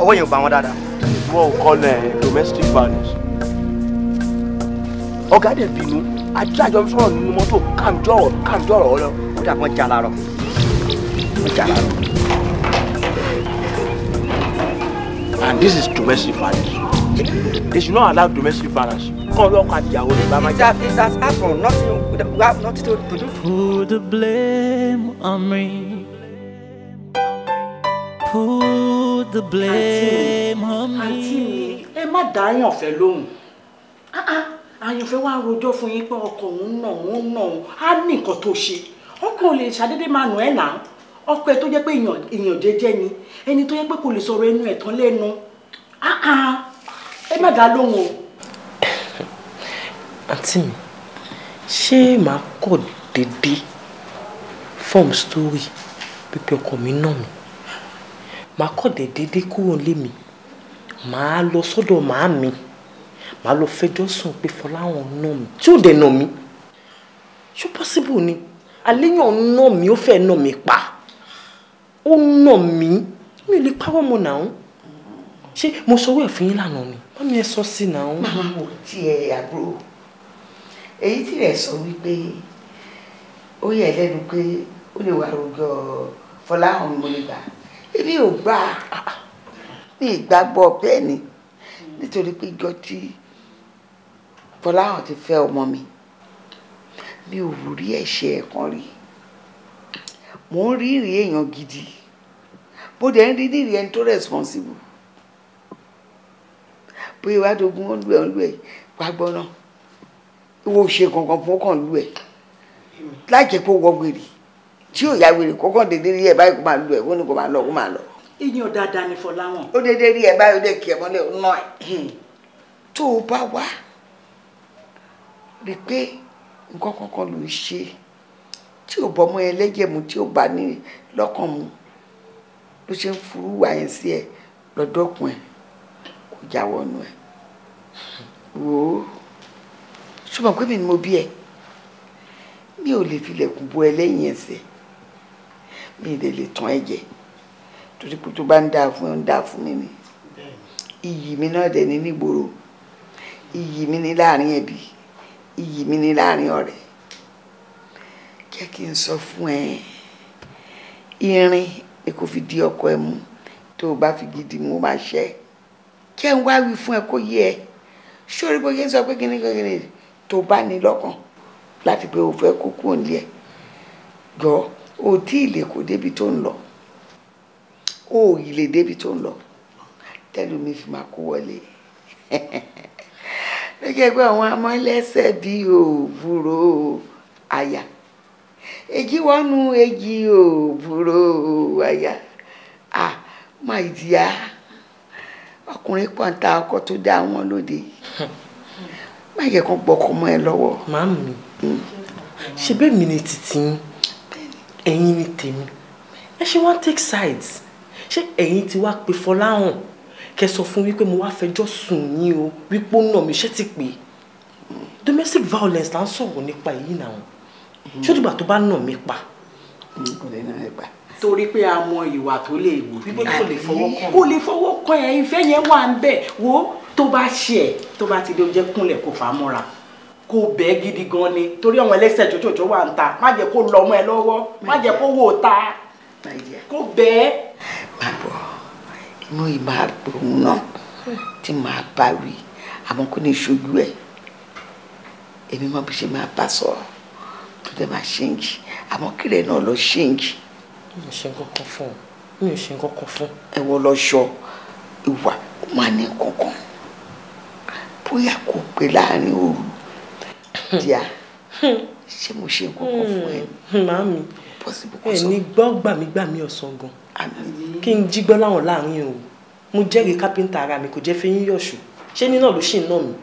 ọwọ́ yẹn ò bá wọn dáadáa. wọn ò kọ́ ẹ domestic violence. ọ̀gá dẹ̀ bínú ajájọ sọ̀rọ̀ nínú mọ́tò kàǹjọ̀rọ̀ kàǹjọ̀rọ̀ ọ̀rọ̀ kódà wọ́n jà láàárọ̀ wọ́n jà láàárọ̀. and this is domestic violence they should not allow domestic violence kàn lọ́kàn àtìyàwó rẹ̀ bá máa it has happened nothing we have nothing to do. put the blame on me put the blame on me. àǹtí mi ẹ má dá ah, ah, àyànfẹ́ lóhùn àyànfẹ́ wa rojọ́ fún yín pé ọkọ òun náà òun náà á ní nǹkan tó ṣe ọkọ ò lè ṣàdédé máa nù ẹ́ náà ọkọ ẹ tó jẹ́ pé èèyàn your ni ẹni tó yẹ pé kò lè sọ̀rọ̀ ẹnu ẹ̀ tán lẹ́nu ẹ má dá lóhùn o. àǹtí mi ṣé màá kọ̀ déédéé form story pípé ọkọ mi náà mi màá kọ̀ déédéé kúrò nílé mi màá lọ sọ́dọ̀ màá mi màá lọ fẹjọ́ sùn pé Fọláhàn náà mi tí ò dẹ̀ nà mí ṣó possible ni àléyàn náà mi ó fẹ́ nà mí pa ó nà mí mi le lè pawọ́ mọ́ náà ṣé mo sọ wẹ́ẹ̀ fún yín lánàá ni má mi ẹ sọ sí náà. màmá mo ti ẹ àbúrò èyí tí rẹ sọ wípé ó yẹ lẹ́nu pé ó lè wà rògbò Fọláhàn mo lè gbà èmi ò gbà mi ìgbàgbọ́ bẹ́ẹ̀ ni nítorí pé ìjọ tí Fọláhàn ti fẹ́ ọmọ mi mi ò rí ẹ̀ṣẹ̀ kan rí mò ń rí ìrìn èèyàn gidi mo dẹ̀ ń rí ní ìrìn ẹni tó responsible bóyá wàá dogun ó lù ẹ̀ ń lù ẹ̀ wàá gbọ́ náà ìwọ ò ṣe kankan fún kàn lù ẹ̀ láì jẹ́ kó wọ wèrè tí ò yá wèrè kó kàn dédé rí ẹ̀ báyìí kó máa lù ẹ̀ kó ní kó máa lọ kó máa lọ. iyín ò dáadáa ní Fọláhàn. ó dédé rí ẹ báyìí ó dẹ̀ kí ẹ mọ́lẹ̀ ná ẹ̀ hmm. tó o bá wá rí i pé nǹkan kankan ló ń ṣe tí ò bọ́mọ ẹlẹ́jẹ̀ mu tí ò bá ní lọ́kàn mu ló ṣe ń furu wà yẹn sí ẹ lọ́dọ́kun ẹ kò jáwọ́ nù ẹ wò ó ṣùgbọ́n pé mi ni mo bí ẹ mi ò lè filẹ̀kùn bo ẹ lẹ́yìn ẹsẹ̀ mi ì lè tán ẹ jẹ torí pé tó bá ń dáa fún ẹ ń dáa fún mi ni iyì mi náà dẹ̀ ní nígboro iyì mi ní láàrin ẹbí iyì mi ní láàrin ọ̀rẹ́ jẹ́ kí n sọ fún ẹ irin pé kó fi di ọkọ ẹ mú tó o bá fi gidi mú máa ṣe kí ẹ ń wá wí fún ẹ kó yé ẹ sórí bó yẹn sọ pé kíní kíní tó bá ní lọ́kàn láti pé o fẹ́ kó kú òǹlẹ̀ gbọ́ o tí ì lè kó débi tó ń lọ o ò yìí lè débi tó ń lọ tẹ́lu mi fi máa kó wọlé lókè pé àwọn amọ́lẹ́sẹ̀ bíi òòbúrò àyà èjì wọnú èjì òbúrò àyà à má ìdíyà ọkùnrin pọ̀ǹta ọkọ tó dá wọn lóde má yẹ kó gbọ́kọ mọ́ ẹ lọ́wọ́. màámi hmm. ṣe bẹ́ẹ̀ mi ni títí ẹ̀yin ni tèmi ẹ ṣe wọ́n take sides ṣé ẹ̀yin ti wá pe Fọláhàn kẹ sọ fún wípé mo wá fẹjọ́ sùn yín o wípé ó nà mí ṣé ti pè hmm. domestic violence là ń sọ̀rọ̀ nípa èyí náà ṣó dìgbà tó bá nà mí pa. torí pé a mọ ìwà tó lè wò bí bó lè fọwọ́ kàn kó lè fọwọ́ kàn ẹ ìfẹ́ yẹn wà ń bẹ̀ wo tó bá ṣe ẹ tó bá ti dé oúnjẹ kúnlẹ̀ kó fà á mọ́ra kò bẹ́ẹ̀ gidi gan ni torí àwọn ẹlẹ́sẹ̀ jòjòjò wà ń ta má jẹ́ kó lọ ọmọ ẹ lọ́wọ́ má jẹ́ kó wò ta kò bẹ́ẹ̀. má inú ìmọ̀ àgbòhun náà tí màá bá wí àmọ́ kò ní ṣojú ẹ̀ èmi mọ̀ bí ṣe máa bá sọ̀rọ̀ tẹ máa ṣéǹjì àmọ́ kílẹ̀ náà lọ ṣéǹjì. mi ò ṣe kankan fún un mi ò ṣe kankan fún. ẹ wọ lọṣọ ìwà ó máa ní kankan bóyá kò pé láàrin òru díà ṣé mo ṣe kankan fún ẹ. Hmm, hmm, mi ẹ ní gbọ́ gbàmígbàmí ọ̀sán gan kí n jí gbọ́ láwọn láàrin òru mo jẹ́rìí kápẹ́ńtà ara mi kò jẹ́ fẹ́yìn yọ̀ṣù ṣé nínà ló ṣì ń ná mi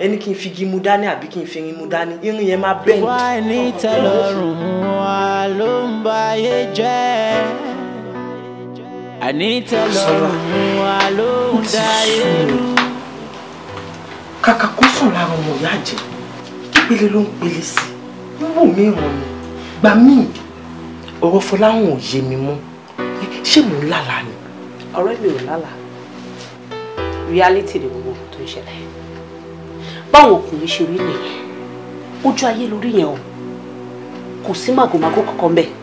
ẹni kí n fi igi mu dání àbí kí n fi irin mu dání irin yẹn máa bẹ́ẹ̀ ni. wá ní tẹ́lọ̀rùn wa ló ń ba ayé jẹ́ àní tẹ́lọ̀rùn wa ló ń da ayé rú. kàkà kó sùn lára ọmọ ìyá jẹ pélé ló ń pélé sí i wù mí ràn mí gbà mí ọ̀rọ̀ Fọláhùn ò yé mi mọ́ ṣé mò ń lálàá ni. ọ̀rẹ́ mi ò lálàá reality ni gbogbo tó ń ṣẹlẹ̀ báwọn ọkùnrin ṣe rí nìyẹn ojú ayé lórí yẹn o kò sí màgòmágó kankan bẹ́ẹ̀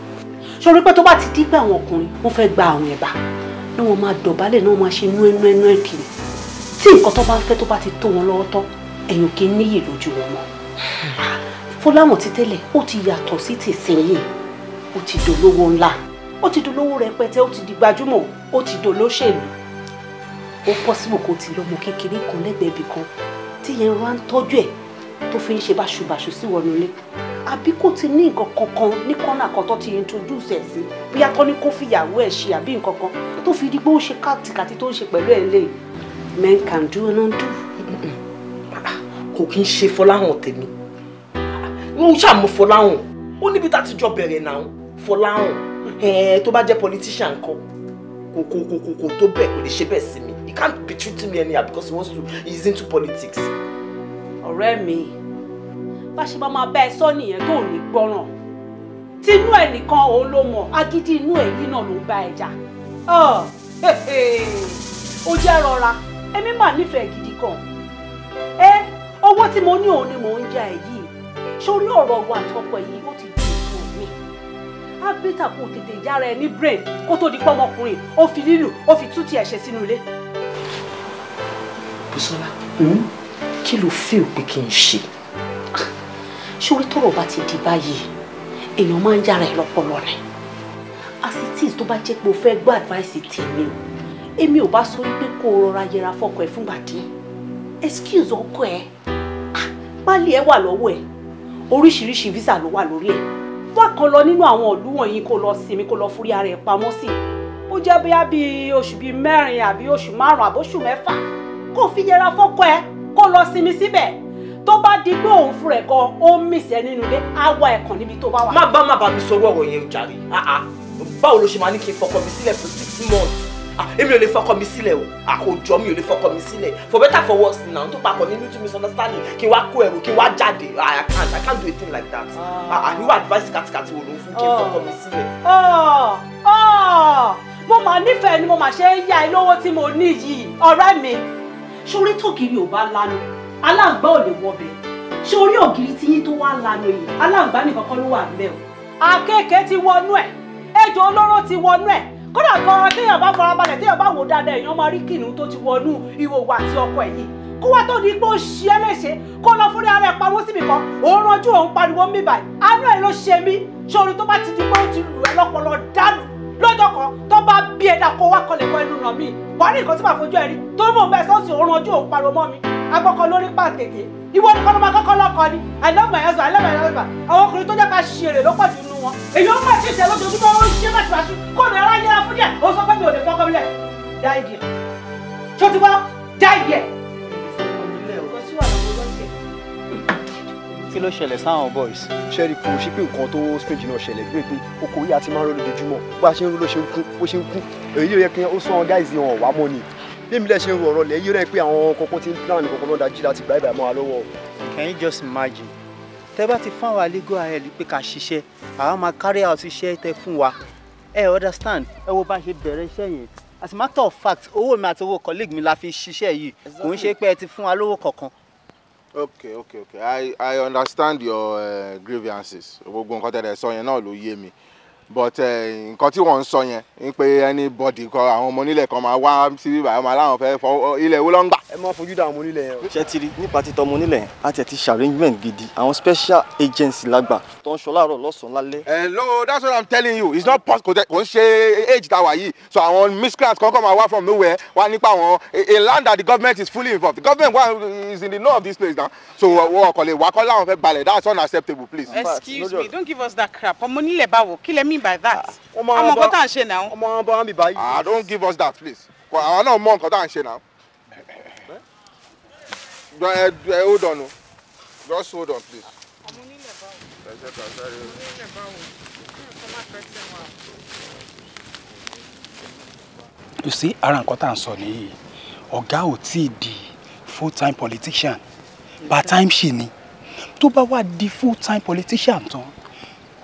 sọrí pé tó bá ti dígbà àwọn ọkùnrin wọ́n fẹ́ gba àwọn ẹ̀bà náà wọ́n máa dọ̀bálẹ̀ náà wọ́n máa ṣe nú ẹnu ẹnu ẹ̀ kiri tí nǹkan tó bá ń fẹ́ tó bá ti tó wọn lọ́wọ́ tán ẹ̀yìn kì í níyì lójú wọn mọ́ fọláwọn ti tẹ́lẹ̀ ó ti yàtọ̀ sí tìsínyìn ó ti dolówó ńlá ó ti dolówó rẹpẹtẹ ó ti di gbajúmọ̀ ó ti dolóṣèlú ó pọ́sibò kó ti lọ́mọ kékeré kan lẹ́gbẹ̀ẹ́ ibì kan tí yẹn wá ń tọ́jú ẹ̀ tó fi ń ṣe báṣubàṣu sí wọnú ilé àbí kò ti ní nǹkan kankan ní kọ́nà kan tó ti introduce ẹ̀ sí bóyá tó ní kó fìyàwó ẹ̀ ṣe àbí nǹkan kan tó fi di pé ó ṣe káàtìkàtì tó ń ṣe pẹ̀lú ẹ̀ lé men can do and undo. kò kí n ṣe fọláhàn tèmi wọn ṣàmú fọláhàn ó níbi tá a ti jọ bẹ̀rẹ̀ náà fọláhàn tó bá jẹ́ politician kan kò kò kò kò tó bẹ́ẹ̀ kò lè ṣe bẹ́ẹ̀ sí mi can't be treating me anyhow because he wants to he's into politics. Oremi, mi bá ṣe bá máa bá to ni nìyẹn tó ní gbọ́ràn tinú ẹ nìkan òun ló mọ̀ agídí inú èyí náà ló bá ẹ jà ó jẹ́ rọra èmi mà nífẹ̀ẹ́ gidi kan ẹ owó tí mo ní òun ni mò ń ja ẹ yìí sórí ọ̀rọ̀ wa àtọkọ yìí ó ti dùn fún mi á bí tàkùn tètè yára ẹ ní brain kó tó di pọ́mọkùnrin ó fi lílù ó fi tú tiẹ̀ ṣe sínú ilé. Bùsọ́lá hmm? kí ló fẹ́ ò pé kí n ṣe ṣórí tọrọ bá ti di báyìí èèyàn máa ń yára ẹ lọ́pọlọ rẹ asitis tó bá jẹ́ pé o fẹ́ gbọ́ advice tèmi o èmi ò bá sọ wípé kó o rọra yẹra fọkọ ẹ fúngbà díẹ̀ excuse ọkọ ẹ ah, pálí ẹ wà lọ́wọ́ ẹ oríṣiríṣi visa ló wà lórí ẹ wá kan lọ nínú àwọn ìlú wọ̀nyí kó lọ sinmi kó lọ fúri ara ẹ pamọ́ sí i ó jẹ́ bóyá bíi oṣù bíi mẹ́rin àbí oṣù márùn-ún àbóṣù mẹ́fà kó fi yẹra fọ́kọ ẹ kó lọ sinmi síbẹ̀ tó bá di pé òun fún ẹ kan ó ń mìsẹ́ nínú ilé á wá ẹ̀kan níbi tó bá wà. má bá má bá mi sọ̀rọ̀ ọ̀rọ̀ yẹn jàre ah, ah. báwo ló ṣe máa ní kí n fọkọ mi sílẹ̀ for six months ah, èmi ò lè fọkọ mi sílẹ̀ o àkójọ mi ò lè fọkọ mi sílẹ̀ for better for worse now tó papọ̀ nínú two misunderstanding kí n wá kó ẹrù kí n wá jáde i can't i can't do a thing like that àríwá advice kàtìkàtì wo ló ń fún kí n fọkọ mi sílẹ̀. mo máa nífẹ̀ẹ́ ni mo máa ṣe é yá ẹ lówó tí mo ní yìí ọ̀rẹ́ mi ṣorí tògiri ò bá lanu aláǹgbá ò lè wọbẹ̀ ṣorí ògiri tí yín tó wá lanu yìí aláǹgbá nìkan kọ́ ló wà ńbẹ̀ o. àkekèé ti wọnú ẹ̀ ejò olóró ti wọnú ẹ̀ kódà gan téèyàn bá farabalẹ̀ téèyàn bá wò dáadáa èèyàn máa rí kìnìún tó ti wọnú ìhòòhò àti ọkọ ẹ̀ yìí kó wá tó di pé ó ṣe é léṣe kó lọ fúnra ara ẹ̀ pamọ́ síbi kan òun ranjú òun pariwo mí báyìí àánú ẹ̀ ló ṣe mí ṣòro tó bá ti di pé ó ti lù ẹ́ lọ́pọlọ dànù lọ́jọ́ kan tó bá bí ẹ̀dá kó wá kọlẹ̀ ẹnu ràn míì wàá rí nǹkan tí màá fojú ẹ rí tó mọ̀ bẹ́ẹ̀ sọ́ọ̀sì òórùn ojú òun pariwo mọ́ mi agbọ́kọ lórí pàǹtẹ̀kẹ́ ìwọ ni kọ́nà máa kọ́kọ́ lọ́kọ ni i love my husband àwọn ọkùnrin tó jẹ́ ká ṣèrè ló pọ̀ jù nínú wọn èyí ó máa ṣèṣe lójoojúmọ́ ó ń ṣiṣẹ́ láti kó lè ara yẹra fún díẹ̀ ó sọ pé mi ò lè fọ́kọ́ bílẹ̀ dá ìdí ẹ̀ ṣó ti wá dá ìdí ẹ̀ kí ló ṣẹlẹ̀ sáwọn boys. sẹ́ẹ̀rì kò ṣe pé nǹkan tó strange náà ṣẹlẹ̀ pé pé oko yìí a máa ń rọ́ lójoojúmọ́ bó a ṣe ń rú ló ṣe ń kú ó ṣe ń kú èyí ló yẹ kí ó sún guys hàn wá mọ́ ni bímí lẹ́ ṣe ń rú lẹ̀ yí rẹ̀ pé àwọn kọ̀ọ̀kan ti ń plan kọ̀ọ̀kan náà dájú láti gbà ìbàmọ́ àlọ́wọ́. can you just imagine tẹ bá ti fún àwa legal ahead pé ká ṣiṣẹ́ àwa máa carry out iṣẹ́ tẹ fún wa ẹ understand ẹ wo bá ṣe bẹ̀rẹ̀ iṣẹ́ yẹn as a matter of fact owó mi àti owó colleague mi la fi ṣiṣẹ́ yìí kò ń ṣe pé ẹ ti fún wa lówó kankan okay okay okay i i understand your uh, grievances gbogbo nǹkan tẹ̀lé sọ yẹn náà ló yé mi but eh, nǹkan tí wọ́n ń sọ yẹn ni pé anybody kan àwọn ọmọ onílẹ̀ kan máa wá síbí báyìí máa láwọn fẹ́ fọ ilẹ̀ owó lọ́ngbà. ẹ máa fojú da àwọn ọmọ onílẹ̀ yẹn o. ṣé ti rí nípa títọ́ ọmọ onílẹ̀ yẹn a ti ti ṣàrẹ́ngímẹ̀ntì gidi àwọn special agency lágbà tó ń sọ láàárọ̀ lọ́sàn-án lálẹ́. ẹ ló that's what i'm telling you it's not possible kò ń ṣe age tá a wà yìí so àwọn miscreants kankan máa wá from nowhere wá nípa àwọn a land that the government is fully involved the government is in the know of this place now so wọ́n kọ̀ lè wákọ́ láwọn fẹ́ balẹ̀ that's unacceptable please. excuse me don't give us that crap ọmọ onílẹ̀ báwo kí lẹ mí by that? Ah, ọmọ nǹkan tá à ń ṣe náà. Ọmọ ọmọ bá mi ah, don't give us that please. Kò àwọn náà mọ nǹkan tá à ń ṣe náà. hold on Just hold on please. Ọmọ onílẹ̀ báwo? Ẹ ṣe kà sáré. Ọmọ onílẹ̀ báwo? Kí ni ọ̀sán máa fẹ́ tẹ̀ wá? You see, ara nǹkan tá à ń sọ nìyí. Ọ̀gá full time politician. Part time ṣì ni. Tó bá wá full time politician tán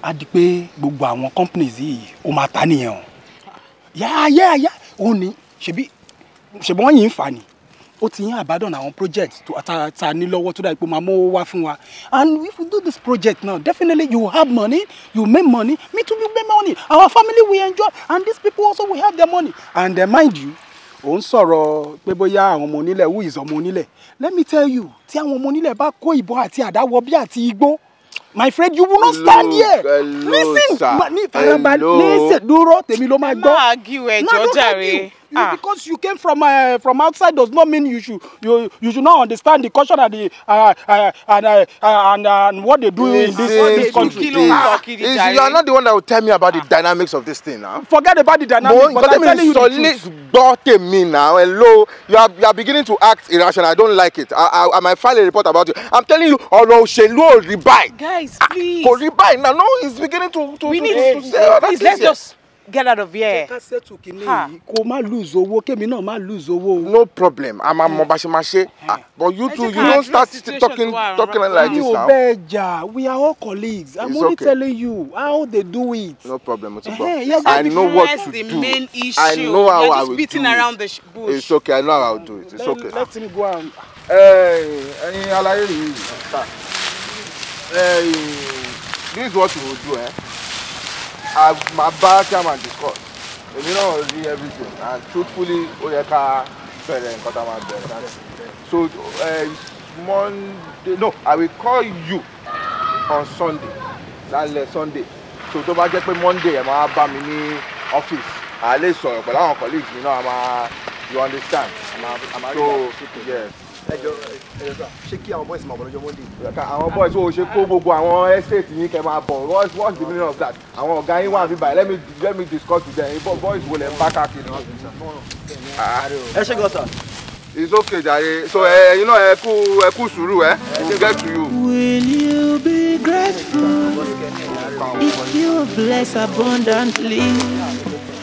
á di pé gbogbo àwọn companies yìí ó máa ta nìyẹn o yáyáyá òun ni ṣebí ṣebí wọ́n yìí ń fà ni ó ti yín àbádọ́nà àwọn project ta ní lọ́wọ́ tó dáa pé máa mówó wá fún wa and if you do this project now definitely you have money you make money me too make money our family will enjoy and these people also will have their money and uh, mind you ò ń sọ̀rọ̀ pé bóyá àwọn ọmọ onílẹ̀ who is ọmọ onílẹ̀ let me tell you tí àwọn ọmọ onílẹ̀ bá kó ìbọn àti àdáwọ̀ bí àti igbó my friend you will not stand here hello, listen ma ní farabalẹ̀ lẹ́sẹ̀ dúró tèmi ló máa gbọ́. máa gí ìwẹ̀ jọjà ah. because you came from uh, from outside does not mean you should you you should not understand the culture and the uh, uh, and, uh, uh and, uh, and what they do yes, in this, this country. Yes, ah, is, you are not the one that will tell me about the ah. dynamics of this thing now. Forget about the dynamics. but I'm telling you the truth. gbọ́ tèmi now hello you are you are beginning to act irrational I don't like it I I, might file a report about you I'm telling you ọ̀rọ̀ òṣèlú ò guys ah, please kò now no it's beginning to to we to, need, to, to say. we oh, please let's just get out of here. ká sẹ́tù kìíní yìí kó má lose owó kémi náà má lose owó. no problem a máa mọ eh. bá ṣe máa ṣe eh. but you two, you don't start talking talking like this now. mi ò bẹ́ẹ̀ jà we are all colleagues i'm only telling you how they do it. no problem o ti eh, i know what to do i know how i will do it it's okay i know how i will do it it's okay. let me go am. ẹyin alaye yìí this is what we go do. My máa bá and discuss èmi náà rí everything and truthfully Oyeka fell ká bẹ̀rẹ̀ nǹkan tá so uh, Monday no I will call you on Sunday lálẹ́ Sunday so tó bá jẹ́ pé Monday ẹ̀ máa bá mi ní ọ́fíìsì à lè sọ̀rọ̀ pẹ̀lú àwọn colleagues mi náà máa you understand. so yes. ṣé kí àwọn boys máa bọ̀ lọ́jọ́ monday. àwọn boys wo ṣe kó gbogbo àwọn estate yín kẹ́ máa bọ̀ what's what's the meaning of that àwọn ọ̀gá yín wà bíbáyìí let me let me discuss with them boys wo lẹ̀ ń bá káàkiri. ẹ ṣe gọ́sà. it's okay jare so ẹ̀yin náà ẹ kú ẹ kú sùúrù ẹ to get to you. will you be grateful if you bless abundantly.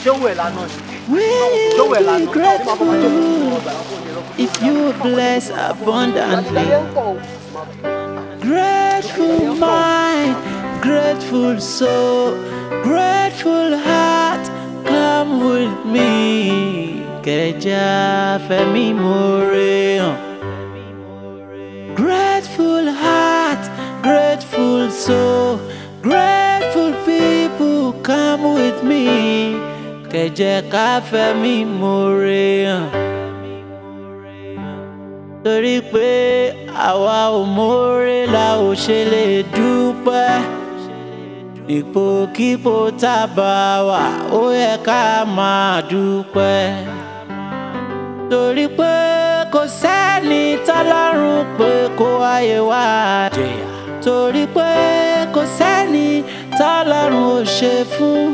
ṣé wẹ̀ lánàá ni. will be grateful if you bless abundantly. Grateful mind, grateful soul, grateful heart, come with me. Keja femi more. Grateful heart, grateful soul, grateful people, come with me. kẹjẹ ká fẹ̀mí moore hàn torí pé àwa ò moore la ò ṣe lè dúpẹ́ ipòkípò tá a bá wà ó yẹ ká máa dúpẹ́ torí pé kò sẹ́ni tọ́lọ́run pé kó ayé wá jẹ̀yà torí pé kò sẹ́ni tọ́lọ́run ò ṣe fún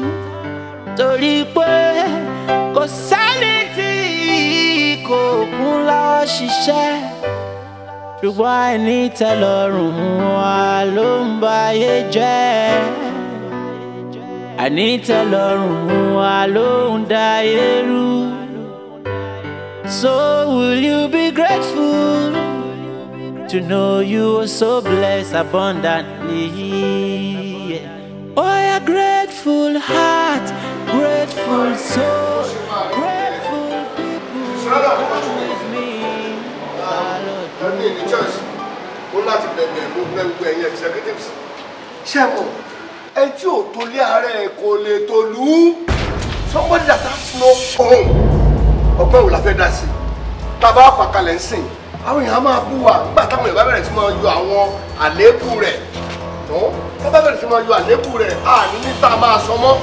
torí pé kò sẹ́ni tí kò kún lọ́wọ́ ṣiṣẹ́ ṣùgbọ́n àìní tẹ́lọ́rùn wa ló ń ba ayé jẹ́ àìní tẹ́lọ́rùn wa ló ń da ayé rú. So will you be grateful to know you were so blessed abundantly? Yeah. Oh, a grateful heart, grateful soul, grateful people Come with me. Ẹ̀mí ní Somebody that has no home. Ọgbẹ́ wo la fẹ́ dá sí? Tàbá àpàkalẹ̀ ń sìn. Àwọn èèyàn á máa bú wa nígbà táwọn èèyàn bá bẹ̀rẹ̀ sí máa yọ àwọn àléébù rẹ̀ tán bá bẹ̀rẹ̀ sí máa yọ àléébù rẹ̀ àní níta máa sọ mọ́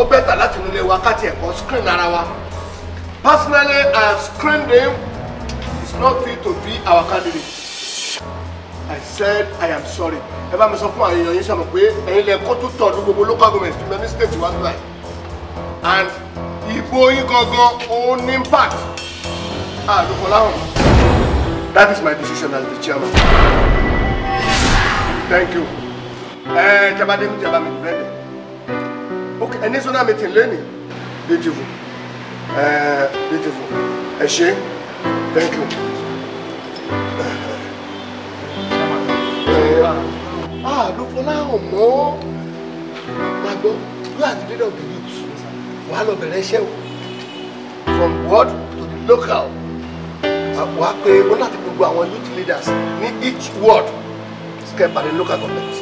ó bẹ́tà láti nílé wa ká tiẹ̀ screen ara wa personally I have screened him he is not fit to be our candidate I said I am sorry ẹ bá mi sọ fún àwọn èèyàn yín sọ̀rọ̀ pé ẹ̀yin lẹ kó tó tọ̀dú gbogbo local government tó mẹ́rin state wa nílá and ìbò yín gangan òun ní impact àdúgbò ah, láwọn that is my decision as the chairman thank you Eh, jẹba débi jẹba mi bẹ́ẹ̀ bẹ́ẹ̀ ok ẹ ní sọ́nà meeting lẹ́nìí beautiful ẹ beautiful ẹ thank you. ah look for now mọ́ My gbọ́ you are the leader of the youth wàá lọ bẹ̀rẹ̀ iṣẹ́ from world to the local wàá pe wọn láti gbogbo our youth leaders Need each word kẹ́ pàdé local government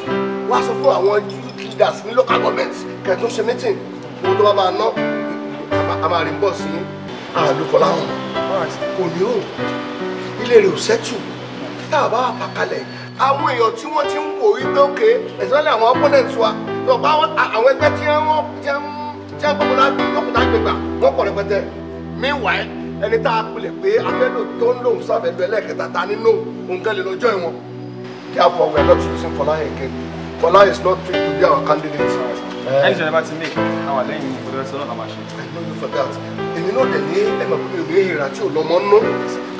wọ́n á sọ fún àwọn youth leaders ní local government kẹ́ tó ṣe meeting owó tó bá bá ná a máa rí bọ́ sí àlùkò láwọn kò ní òun ilé rẹ̀ ò sẹ́tù tá a bá wà pa kalẹ̀ àwọn èèyàn tí wọ́n ti ń wò wípé òkè ẹ̀sìnlẹ̀ àwọn opponents wa lọ́pọ̀ àwọn ẹgbẹ́ tí wọ́n jẹ́ ń jẹ́ gbọ́gbọ́dá lọ́kùnrin àgbègbà wọ́n pọ̀ rẹpẹtẹ meanwhile ẹni tá a pilẹ̀ pé afẹ́lò tó ń lòun sáfẹ́lò ẹlẹ́ẹ̀kẹta ta nínú òǹkẹ́lẹ́ lọ́jọ́ ìwọ̀n Therefore, we are not choosing Fola again. Fola is not fit to be our candidate. Ẹni ṣẹlẹ̀ bá ti make àwọn àlẹ́yìn ìgbésẹ̀ sọ́nà àmàṣe. I know you for that. Èmi náà dẹ̀ ní ẹ̀mọ̀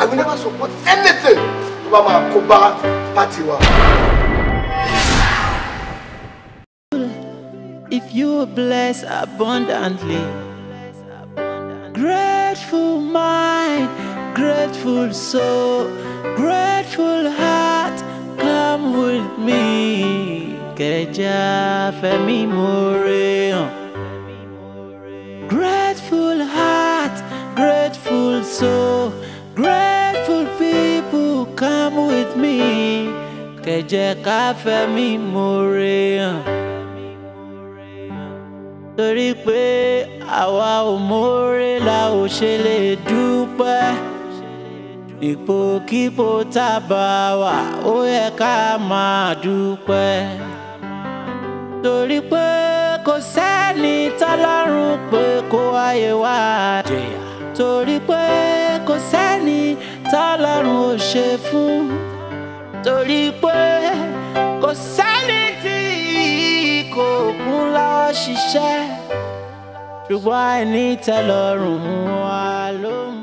I will never support anything tó bá máa kó bá If you bless abundantly, grateful mind, grateful soul, grateful heart come with me kẹjá fẹmi more grateful heart grateful soul grateful people come with me kẹjẹ ká fẹmi more hàn. torí pé àwa ò la ò ṣe lè ipòkípò tá a bá wà ó yẹ ká máa dúpẹ́ torí pé kò sẹ́ni tọ́lọ́run pé kó ayé wá jẹ̀yà torí pé kò sẹ́ni tọ́lọ́run ò ṣe fún torí pé kò sẹ́ni tí kò kún lọ́wọ́ ṣiṣẹ́ ṣùgbọ́n àìní tẹ́lọ́rùn wà ló